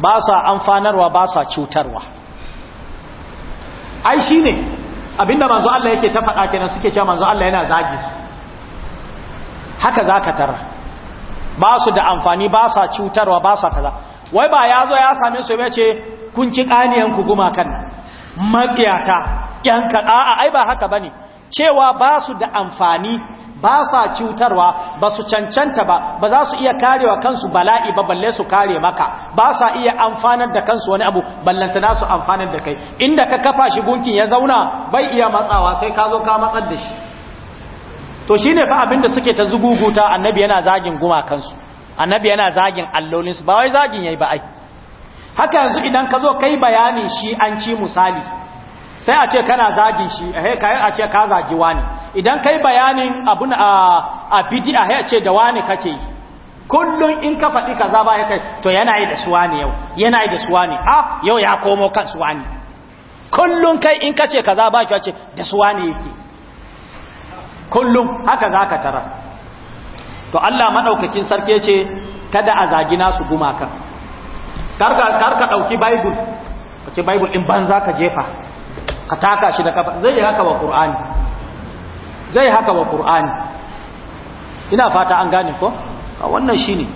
ba su amfanarwa ba su cutarwa ai shi ne abinda manzo Allah yake ta faɗa kenan suke cewa manzo Allah yana zagi su haka za ka tara ba su da amfani ba su cutarwa ba su kaza wai ba ya zo ya same su ya ce kun ci ƙaniyanku gumakan maƙiyata yanka a'a ai ba haka ba ne cewa ba su da amfani ba sa cutarwa ba su cancanta ba ba za su iya karewa kansu bala'i ba balle su kare maka ba sa iya amfanar da kansu wani abu ballantana su amfanar da kai inda ka kafa shi gunkin ya zauna bai iya matsawa sai ka zo ka matsar da shi to shi ne fa abinda suke ta zuguguta annabi yana zagin gumakansu annabi yana zagin allolinsu ba wai zagin yayi ba ai haka yanzu idan ka zo kai bayani shi an ci misali sai a ce kana zagin shi eh, a ce ka zagi wani idan kai bayanin abun a fiti a ce da wani kake yi kullum in ka faɗi kaza ba ya kai to yana yi da su wani yau yana yi da su wani a yau ya komo kan su wani kullum kai in ka ce kaza ba ki ce da su wani yake kullum haka za ka tara to Allah maɗaukakin sarki ce kada a zagi nasu gumakan karka ɗauki baibul ka ce baibul in ban za ka jefa a taka shi da kafa zai yi haka wa ƙur'ani zai haka wa ƙur'ani ina fata an gane ko a wannan shi ne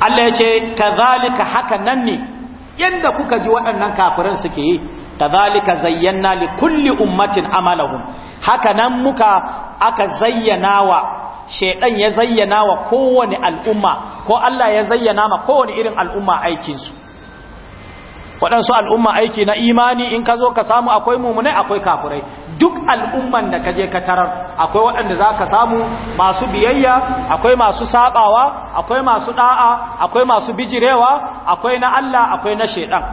Allah ya ce kazalika haka nan ne yadda kuka ji waɗannan kafiran suke yi kazalika zayyana li kulli ummatin Amalahun. haka nan muka aka zayyana wa ya zayyana wa kowane al'umma ko Allah ya zayyana ma kowane irin al'umma aikinsu waɗansu al'umma aiki na imani in ka zo ka samu akwai mummunai akwai kafurai duk al'umman da ka je ka tarar akwai waɗanda za ka samu masu biyayya akwai masu sabawa akwai masu ɗa'a akwai masu bijirewa akwai na Allah akwai na shaidan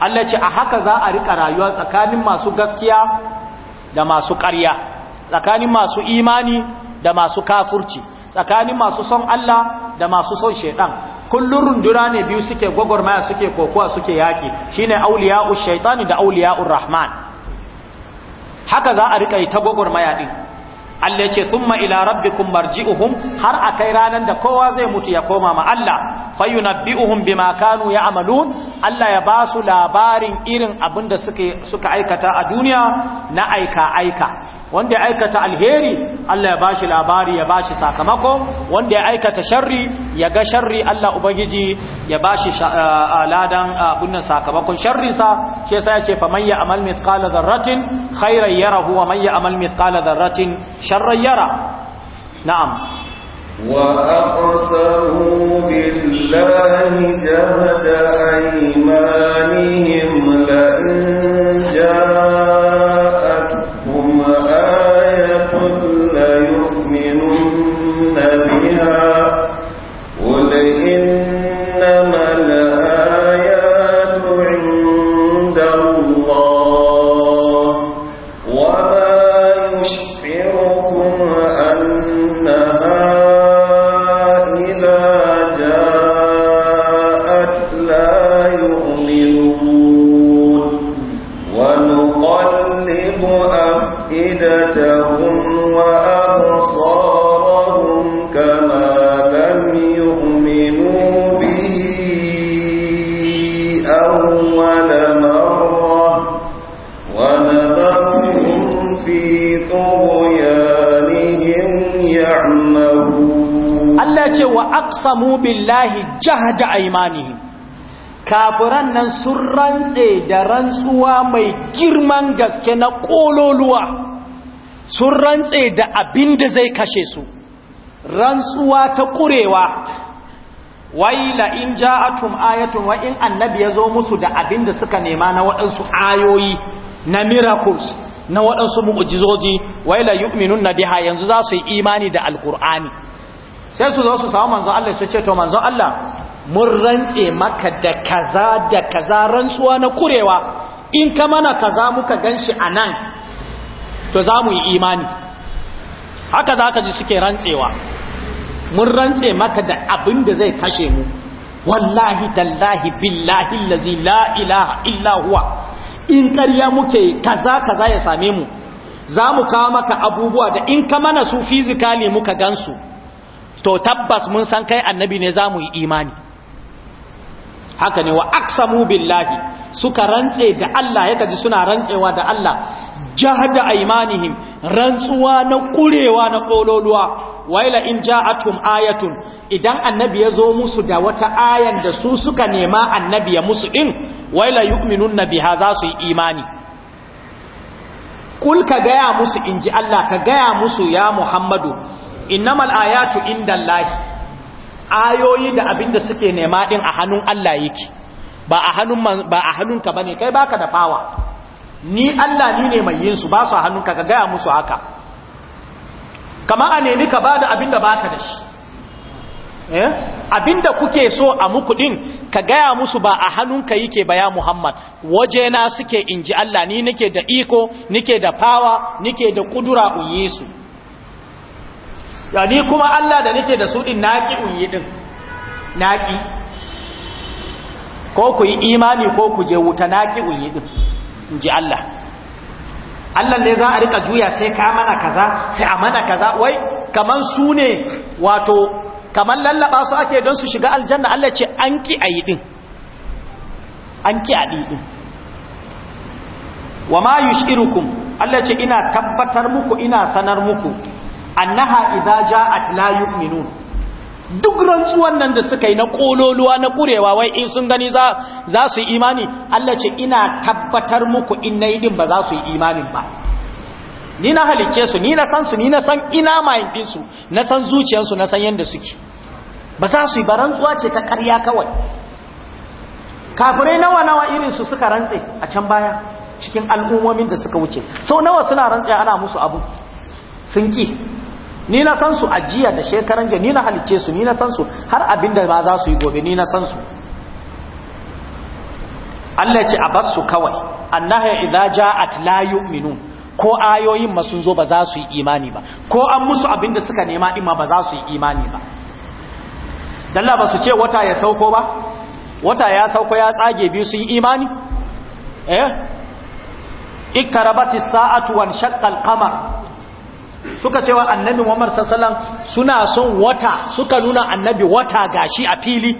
Allah ce a haka za a riƙa rayuwa tsakanin masu gaskiya da masu ƙarya tsakanin masu imani da masu kafurci tsakanin masu son Allah da masu son shaiɗan kullun runduna ne biyu suke gwagwarmaya suke kokowa suke yaki shine auliya'u shaitani da auliya'ur rahman haka za a rika yi ta gwagwarmaya din Allah ce thumma ila rabbikum marji'uhum har akai ranan da kowa zai mutu ya koma ma Allah fayunabbi'uhum bima kanu ya'malun Allah ya basu labarin irin abin da suka aikata a duniya na aika aika wanda ya aikata alheri Allah ya bashi labari ya bashi sakamako wanda ya aikata sharri ya ga sharri Allah ubangiji ya bashi ladan abunnan sakamakon sharrinsa shi sai ya ce faman ya amal mithqala dharratin khairan yarahu wa man ya mithqala dharratin شرا يرى نعم وأقسموا بالله جهد أيمانهم لئن جاءوا أفئدتهم وأبصارهم كما لم يؤمنوا به أول مرة ونذرهم في طغيانهم يعمهون الله وأقسموا بالله جهد أيمانهم kafiran nan sun rantse da rantsuwa mai girman gaske na ƙololuwa sun rantse da abin da zai kashe su rantsuwa ta Waila wai la'in ja'atum ayatun wa in annabi ya zo musu da abin da suka nema na waɗansu ayoyi na miracles na waɗansu mu'ujizoji wai la yu'minun na yanzu za su yi imani da alkur'ani sai su zo su samu manzo Allah su ce to manzon Allah mun rantse maka da kaza da kaza rantsuwa na kurewa in ka mana kaza muka ganshi anan to za mu yi imani haka za ka ji suke rantsewa mun rantse maka da abin da zai kashe mu wallahi dallahi billahi lazi la ilaha illa huwa in ƙarya muke kaza kaza ya same mu za mu kawo maka abubuwa da in ka mana su fizikali muka gansu to tabbas mun san kai annabi ne za mu yi imani haka ne wa aksamu billahi suka rantse da Allah ya kaji suna rantsewa da Allah jahada aimanihim rantsuwa na kurewa na kololuwa waila in ja'atum ayatun idan annabi ya zo musu da wata ayan da su suka nema annabi ya musu din waila yu'minun biha za su yi imani kul ka gaya musu inji Allah ka gaya musu ya Muhammadu innamal ayatu indallahi ayoyi da abinda suke nema din a hannun Allah yake ba a hannun ba a hannunka bane kai baka da fawa ni Allah ni ne mai yin su ba su hannunka ka gaya musu haka kama a nemi ka bada abinda baka da shi eh abinda kuke so a muku din ka gaya musu ba a hannunka yake ba ya Muhammad waje na suke inji Allah ni nake da iko nake da fawa nake da kudura u yi su yani kuma Allah da nake da su din naki un yi din naki ko ku yi imani ko ku je wuta naki un yi din ji Allah Allah ne za a riƙa juya sai ka mana kaza sai a mana kaza wai kaman su ne wato kaman lallaba su ake don su shiga aljanna Allah ce an ki a yi din an ki a din wa ma yushirukum Allah ce ina tabbatar muku ina sanar muku annaha idza ja'at la yu'minun duk rantsuwan nan da suka yi na ƙololuwa na kurewa wai in sun gani za su yi imani Allah ce ina tabbatar muku in na din ba za su yi imanin ba ni na halicce su ni na san su ni na san ina mayin su na san zuciyarsu na san yadda suke ba za su yi ba rantsuwa ce ta ƙarya kawai kafirai nawa nawa irin su suka rantse a can baya cikin al'ummomin da suka wuce sau nawa suna rantse ana musu abu sun ki ni na san su ajiya da shekaran jiya ni na halicce su ni na san su har abin da ma za su yi gobe ni na san su Allah ce a bas su kawai annaha idza ja'at la yu'minun ko ayoyin ma sun zo ba za su yi imani ba ko an musu abin da suka nema din ma ba za su yi imani ba dalla ba su ce wata ya sauko ba wata ya sauko ya tsage biyu su yi imani eh ikarabati sa'atu wan shaqqal qamar suka cewa annabi Muhammad sallallahu suna son wata suka nuna annabi wata gashi a fili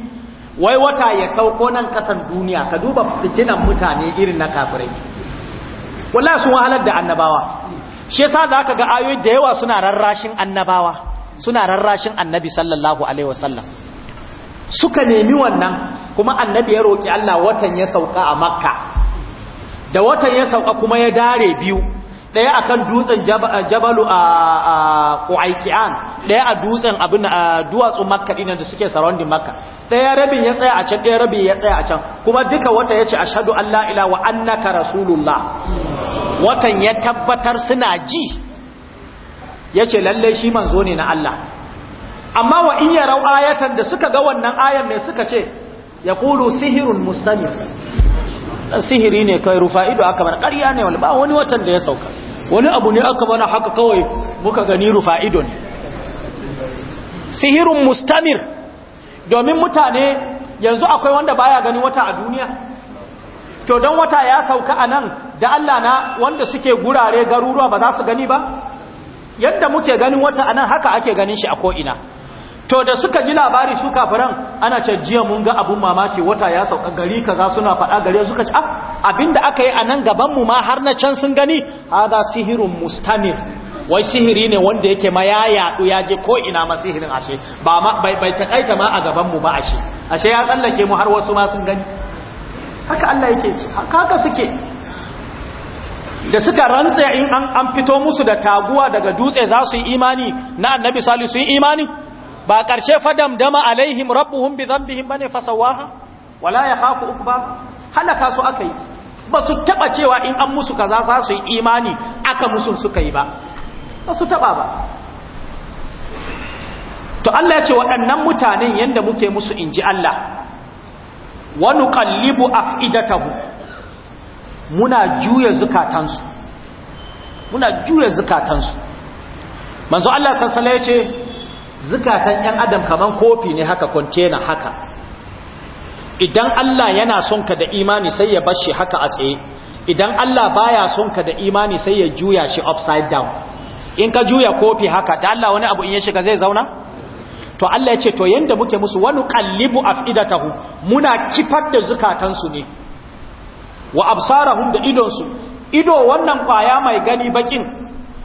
wai wata ya sauko nan kasan duniya ka duba fitinan mutane irin na kafirai wallahi sun wahalar da annabawa shi yasa zaka ga ayoyi da yawa suna rarrashin annabawa suna rarrashin annabi sallallahu alaihi wasallam suka nemi wannan kuma annabi ya roki Allah watan ya sauka a makka da watan ya sauka kuma ya dare biyu ɗaya akan dutsen jabalu a ƙwaikiyan ɗaya a dutsen abin a duwatsun makka ɗinan da suke surrounding makka ɗaya rabin ya tsaya a can ɗaya rabin ya tsaya a can kuma duka wata ya ce a shaɗu allah ila wa annaka rasulullah watan ya tabbatar suna ji ya ce lallai shi manzo ne na allah amma wa in yarau ayatan da suka ga wannan ayan ne suka ce ya kulu sihirun mustamir sihiri ne kai rufa ido aka bar ƙarya ne wal ba wani watan da ya sauka wani abu ne aka mana haka kawai muka gani ne. sihirin mustamir domin mutane yanzu akwai wanda baya gani wata a duniya to don wata ya sauka a nan da Allah na wanda suke gurare garuruwa ba za su gani ba yadda muke ganin wata a nan haka ake ganin shi a ko'ina to da suka ji labari su kafiran ana ce jiya mun ga abun mamaki wata ya sauka gari kaza suna faɗa gare suka ce ah, abinda aka yi a nan gaban mu ma har na can sun gani hada sihirun mustanir wai sihiri ne wanda yake ma ya yaɗu ya je ko ina ma sihirin ashe ba ma bai bai takaita ma a gaban mu ba ashe ashe ya tsallake mu har wasu ma sun gani haka Allah yake haka suke da suka rantsa in an fito musu da taguwa daga dutse za su yi imani na annabi salisu yi imani ba ƙarshe fadam dama alaihim rabbuhum bi dhanbihim bane fasawaha wala yakhafu ukba halaka su akai ba su taba cewa in an musu kaza za su yi imani aka musu suka yi ba ba su taba ba to Allah ya ce waɗannan mutanen yanda muke musu inji Allah wa nuqallibu afidatahu, muna juya zukatansu muna juya zukatansu manzo Allah sallallahu alaihi wasallam ya ce zukatan ‘yan adam kamar kofi ne haka kwantena haka idan Allah yana son ka da imani sai ya bashi haka a tsaye idan Allah baya son ka da imani sai ya juya shi upside down in ka juya kofi haka da Allah wani abu in ya shiga zai zauna to Allah ya ce to yanda muke musu wani kallibu afidatahu muna kifar da zukatansu ne wa absarahum da idonsu ido wannan kwaya mai gani bakin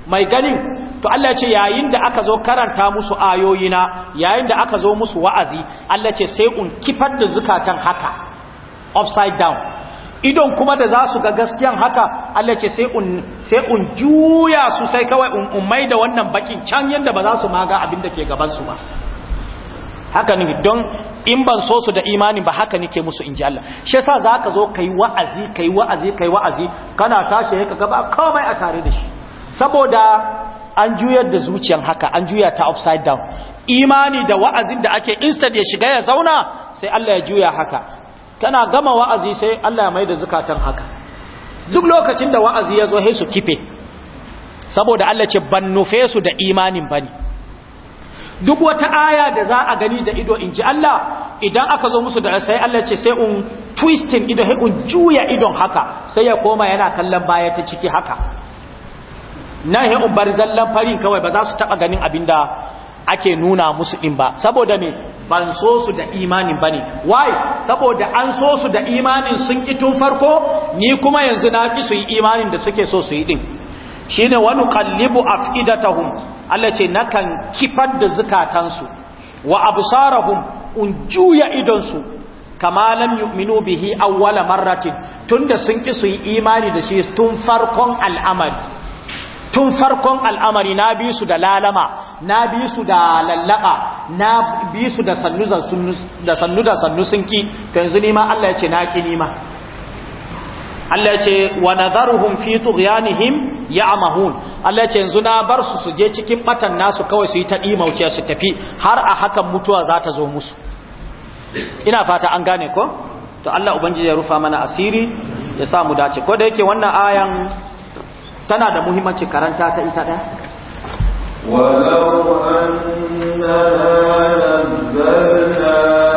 mai ganin to Allah ce yayin da aka zo karanta musu ayoyina yayin da aka zo musu wa'azi Allah ce sai un kifar da zukatan haka upside down idon kuma da za su ga gaskiyan haka Allah ce sai un sai un juya su sai kawai un ummai da wannan bakin can yanda ba za su maga abin da ke gaban su ba haka ne don in ban so su da imani ba haka nake musu inji Allah shi yasa zaka zo kai wa'azi kai wa'azi kai wa'azi kana tashi ka ba komai a tare da shi saboda an juyar da zuciyan haka an juya ta upside down imani da wa'azin da ake insta ya shiga ya zauna sai Allah ya juya haka kana gama wa'azi sai Allah ya maida zukatan haka duk lokacin da wa'azi ya zo haisu su kife saboda Allah ce ban nufe su da imanin bane duk wata aya da za a gani da ido in ji Allah idan aka zo musu da sai Allah ce sai un twisting ido sai un juya idon haka sai ya koma yana kallon baya ta ciki haka na yi bari zallan farin kawai ba za su taɓa ganin abin da ake nuna musu ɗin ba saboda ne ban so su da imanin ba ne. why saboda an so su da imanin sun ki tun farko ni kuma yanzu na ki su yi imanin da suke so su yi ɗin. Shi wani shine wa nuqallibu afidatahum Allah ce nakan kifar da zukatansu wa un juya idonsu kamalan yu'minu bihi awwala marratin tunda sun ki su yi imani da shi tun farkon al'amari tun farkon al'amari na bi su da lalama na bi su da lallaba na bi su da sannu da sannu sun ki to yanzu nima Allah ya ce na ki nima Allah ya ce wa nadharuhum fi tughyanihim ya'mahun Allah ya ce yanzu na bar su su je cikin batan nasu kawai su yi ta dimauce su tafi har a hakan mutuwa za ta zo musu ina fata an gane ko to Allah ubangiji ya rufa mana asiri ya samu dace ko da yake wannan ayan tana da muhimmanci karanta ta ita ɗaya ولو أننا نزلنا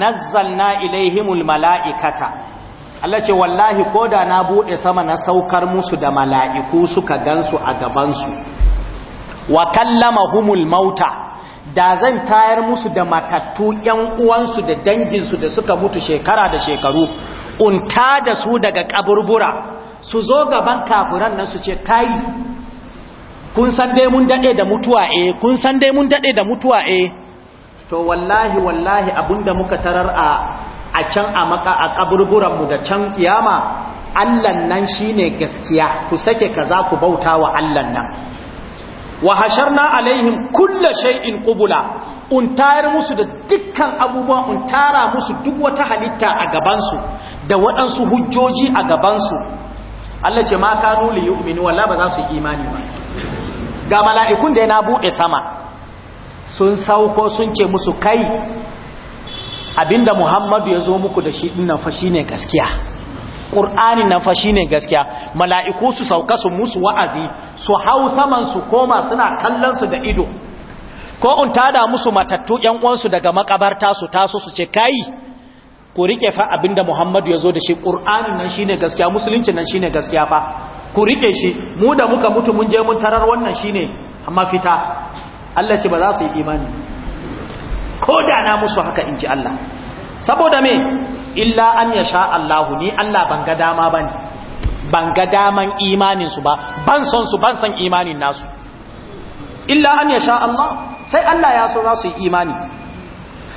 nazzalna ilaihimul mala'ikata Allah ce wallahi ko da na bude sama na saukar musu da mala'iku suka gansu a gabansu wa kallamahumul mauta da zan tayar musu da matattu ‘yan uwansu da danginsu da suka mutu shekara da shekaru, unta da su daga kaburbura, su zo gaban kafuran nan su ce, kai, kun san dai mun daɗe da mutuwa eh? kun san dai mun daɗe da mutuwa eh? to wallahi wallahi abinda muka tarar a a can a maka a kaburburan mu da can kiyama Allah nan shine gaskiya ku sake kaza ku bauta wa Allah nan wa hasharna alaihim kulla shay'in qubula un tayar musu da dukkan abubuwa un tara musu duk wata halitta a gabansu da waɗansu hujjoji a gabansu Allah ce ma kanu li yu'minu wallahi ba za su yi imani ba ga mala'ikun da na bude sama sun sauko sun ce musu kai abinda muhammadu ya zo muku da shi ɗin fa shi ne gaskiya ƙur'ani na fa shi ne gaskiya mala'iku su sauka su musu wa'azi su hau saman su koma suna kallon da ido ko in tada musu matattu ‘yan uwansu daga makabarta su taso su ce kai ku rike fa abinda Muhammadu ya zo da shi Qur'anin nan shine gaskiya musulunci nan shine gaskiya fa ku rike shi mu da muka mutu mun je mun tarar wannan shine mafita Allah ce ba za su yi imani ko da na musu haka in ji Allah saboda me illa an ya sha Allahu ni Allah ban ga dama ba ban ga daman imaninsu ba ban son su ban son imanin nasu illa an ya sha Allah sai Allah ya so za su yi imani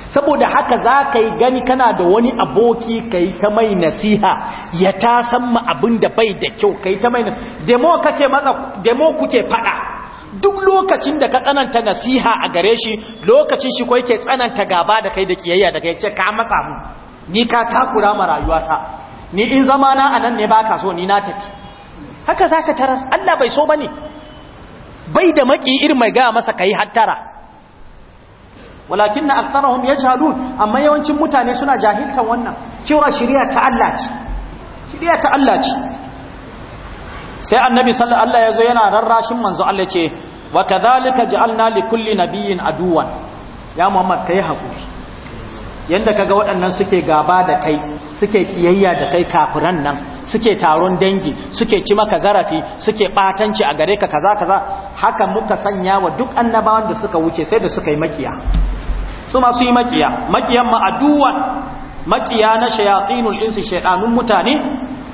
saboda haka za ka yi gani kana da wani aboki ka yi ta mai nasiha ya ta san ma abin da bai da kyau ka yi ta mai nasiha demo kuke faɗa. duk lokacin da ka tsananta nasiha a gare shi lokacin shi ko yake tsananta gaba da kai da kiyayya da kai ce ka matsa mu ni ka takura ma rayuwata ni in zama na anan ne baka so ni na tafi haka zaka tarar Allah bai so bane bai da maki irin mai gaya masa kai hattara walakin na ya yajhalun amma yawancin mutane suna jahilkan wannan cewa shari'a ta Allah ce shari'a ta Allah ce sai annabi sallallahu alaihi wasallam yana rarrashin manzo Allah ce wa kadhalika ja'alna li kulli nabiyyin aduwan ya muhammad kai hakuri yanda kaga waɗannan suke gaba da kai suke kiyayya da kai kafiran nan suke taron dangi suke ci maka zarafi suke batanci a gare ka kaza kaza haka muka sanya wa duk annabawan da suka wuce sai da suka yi makiya su ma su yi makiya makiyan ma aduwan makiya na shayatinul insi shaydanun mutane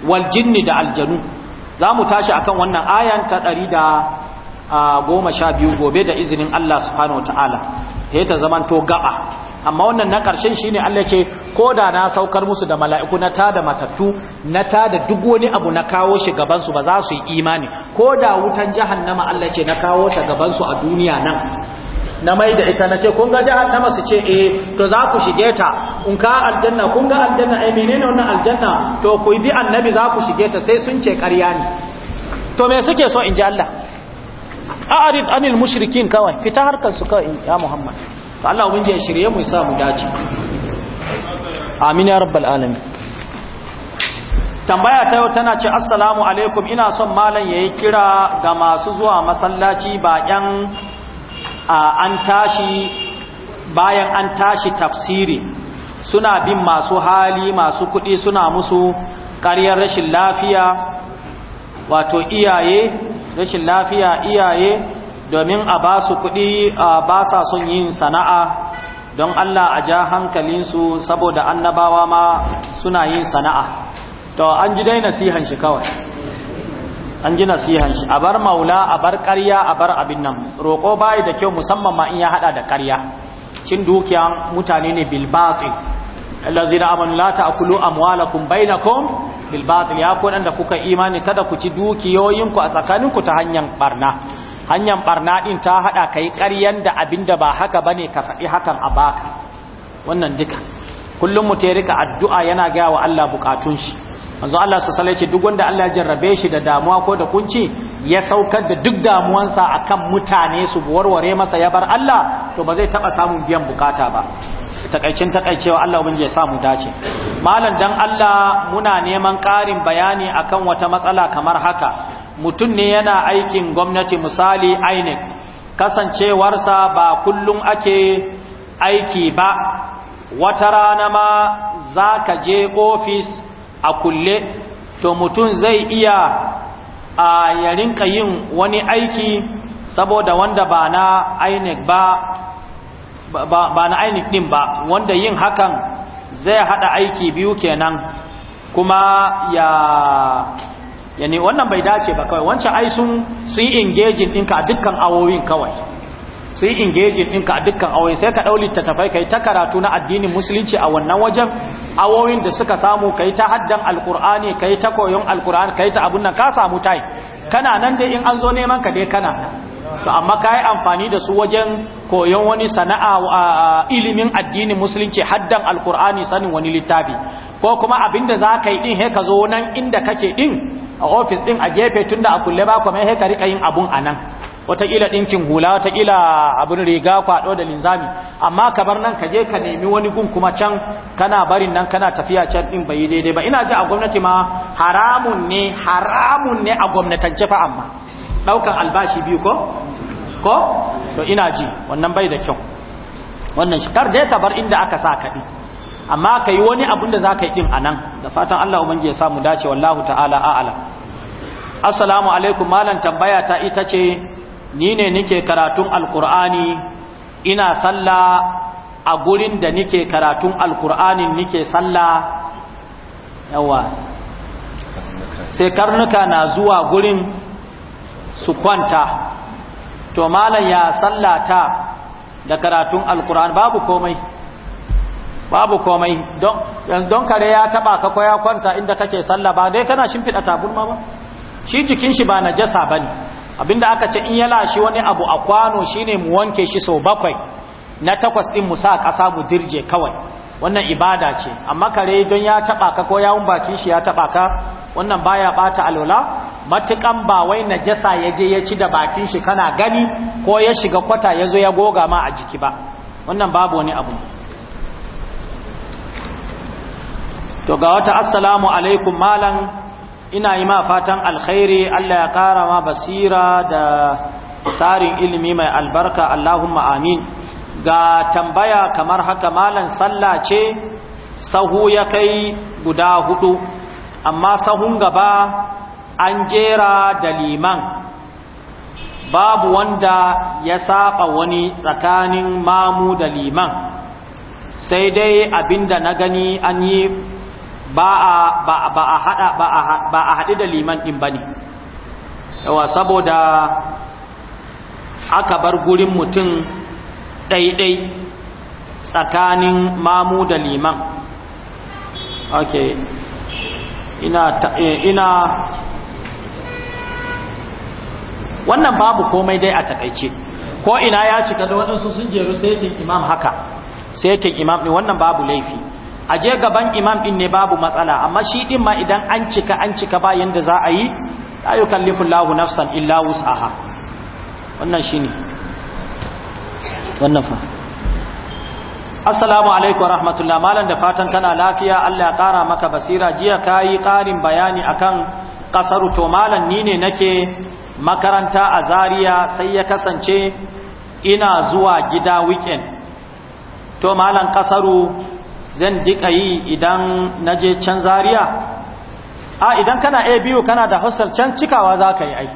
wal jinni da aljanu za mu tashi akan wannan ayan ta ɗari da goma sha biyu gobe da izinin Allah subhanahu wa ta'ala yi ta zamanto gaba amma wannan na ƙarshen shi ne Allah ce ko da na saukar musu da mala'iku na ta da matattu na ta da duk wani abu na kawo shi gabansu ba za su yi imani ko da wutan nama Allah ce na kawo ta gabansu a duniya nan na mai da ita na ce kun ga na su ce e to za ku shige ta in ka aljanna kun ga aljanna eh menene wannan aljanna to ku bi annabi za ku shige ta sai sun ce ƙarya ne to me suke so in ji Allah a'rid anil mushrikin kawai fita harkar su kawai ya Muhammad to Allah mun je shirye mu sa mu dace amin ya rabbal alamin tambaya ta yau tana ce assalamu alaikum ina son malam yayi kira ga masu zuwa masallaci ba yan an tashi bayan an tashi tafsiri suna bin masu hali masu kudi suna musu ƙaryar rashin lafiya wato iyaye rashin lafiya iyaye domin a ba su a ba sa son yin sana'a don Allah a ja hankalinsu saboda annabawa ma suna yin sana'a to an ji dai nasihan shi kawai an ji nasihan shi a bar maula a bar ƙarya a bar abin nan roƙo bayi da kyau musamman ma in ya haɗa da ƙarya cin dukiya mutane ne allazi a amanu la ta'kulu amwalakum bainakum bilbatil ya ku da kuka imani kada ku ci dukiyoyinku a tsakaninku ta hanyar barna hanyar barna din ta hada kai ƙaryan da abinda ba haka bane ka faɗi hakan a baka wannan duka kullum mu rika addu'a yana gaya wa Allah bukatun shi manzo Allah su sallace duk wanda Allah ya jarrabe shi da damuwa ko da kunci ya saukar da duk damuwansa akan mutane su warware masa ya bar Allah to ba zai taba samun biyan bukata ba takaicin takaicewa Allah ubangiji ya samu dace malam dan Allah muna neman karin bayani akan wata matsala kamar haka mutum ne yana aikin gwamnati misali INEC kasancewarsa ba kullum ake aiki ba wata rana ma zaka je ofis a kulle to mutum zai iya a yarin yin wani aiki saboda wanda ba na ainih ba ba na ainih din ba wanda yin hakan zai hada aiki biyu kenan kuma ya yani wannan bai dace ba kawai wancan ai sun sun engage ɗinka a dukkan awowin kawai su yi engaging ɗinka a dukkan awoyin sai ka ɗauli tattafai ka yi ta karatu na addinin musulunci a wannan wajen awoyin da suka samu ka yi ta haddan alkur'ani ka yi ta koyon alkur'ani ka yi ta abun nan ka samu tai kana nan dai in an zo neman ka dai kana to amma ka yi amfani da su wajen koyon wani sana'a ilimin addinin musulunci haddan alkur'ani sanin wani littafi ko kuma abinda za ka yi ɗin he ka zo nan inda kake ɗin a ofis ɗin a gefe tunda a kulle ba kuma he ka riƙa yin abun a nan wataƙila ɗinkin hula wataƙila abin riga kwaɗo da linzami amma ka nan ka je ka nemi wani gun kuma can kana barin nan kana tafiya can ɗin bai daidai ba ina ji a gwamnati ma haramun ne haramun ne a gwamnatance fa amma ɗaukan albashi biyu ko ko to ina ji wannan bai da kyau wannan shi kar dai ta bar inda aka sa kaɗi amma ka yi wani abun da za ka yi ɗin anan nan da fatan Allah ubangi ya samu dace wallahu ta'ala a'ala assalamu alaikum malam tambaya ta ita ce ni ne nike karatun alkur'ani ina sallah a gurin da nike karatun alkur'ani nike sallah yawa sai karnuka na zuwa gurin su kwanta to malam ya sallata da karatun alkur'ani babu komai babu komai don kare ya taba ka ko ya kwanta inda kake sallah ba dai kana shimfiɗa tabulma ba shi jikin shi ba najasa bane abinda aka ce in ya lashi wani abu a kwano shine mu wanke shi sau bakwai na takwas din mu sa ƙasa mu dirje kawai wannan ibada ce amma kare don ya taba ka ko yawun bakin shi ya taba ka wannan baya bata alola matukan ba wai najasa yaje ya ci da bakin shi kana gani ko ya shiga kwata ya zo ya goga ma a jiki ba wannan babu wani abu to ga wata assalamu alaikum malam ina yi ma fatan alkhairi Allah ya kara ma basira da tsarin ilimi mai albarka Allahumma amin ga tambaya kamar haka malan sallah ce sahu ya kai guda hudu amma sahun gaba an jera da liman babu wanda ya saba wani tsakanin mamu da liman sai dai abinda na gani an yi ba a ba ba a hada ba a ba a hadi da liman din bane yawa saboda aka bar gurin mutum daidai tsakanin mamu da liman okay ina eh, ina wannan babu komai dai a takaice ko ina ya cika da waɗansu sun jeru setin imam haka setin imam ne wannan babu laifi a je gaban imam din ne babu matsala amma shi din ma idan an cika an cika ba yanda za a yi la yukallifu Allahu nafsan illa wus'aha wannan shine wannan fa assalamu alaikum rahmatullah malam da fatan kana lafiya Allah ya kara maka basira jiya kai karin bayani akan kasaru to malam ni ne nake makaranta a Zaria sai ya kasance ina zuwa gida weekend to malam kasaru zan dika yi idan naje can Zariya? a idan kana a biyu kana da hostel can cikawa za ka yi ai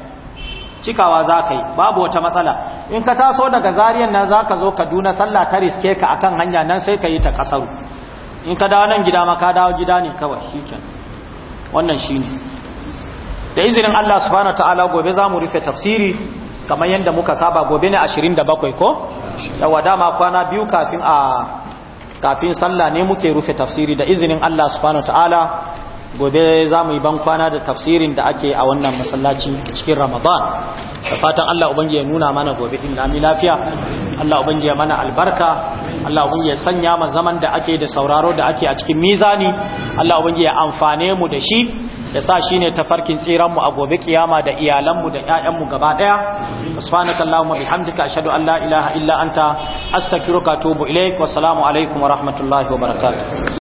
cikawa za ka yi babu wata matsala in ka taso daga zariyan nan za ka zo kaduna sallah ta riske ka akan hanya nan sai ka yi ta kasaru in ka dawo nan gida ma ka dawo gida ne kawai shiken wannan shi ne da izinin allah subhanahu ta'ala gobe za mu rufe tafsiri kamar yadda muka saba gobe ne 27 ko yawa dama kwana biyu kafin a kafin sallah ne muke rufe tafsiri da izinin Allah subhanahu wa ta'ala gobe za mu yi ban kwana da tafsirin da ake a wannan masallaci cikin ramadan da fatan Allah ubangiya ya nuna mana gobe din nami lafiya Allah ya mana albarka Allah ya sanya ma zaman da ake da sauraro da ake a cikin mizani Allah ya amfane mu da shi ya sa shi ne tafarkin tsiranmu a gobe kiyama da iyalanmu da ‘ya'yanmu gaba ɗaya subhanakallahu wa bihamdika ashhadu an la ilaha illa anta astaghfiruka wa atubu ilaik wa alaikum wa rahmatullahi wa barakatuh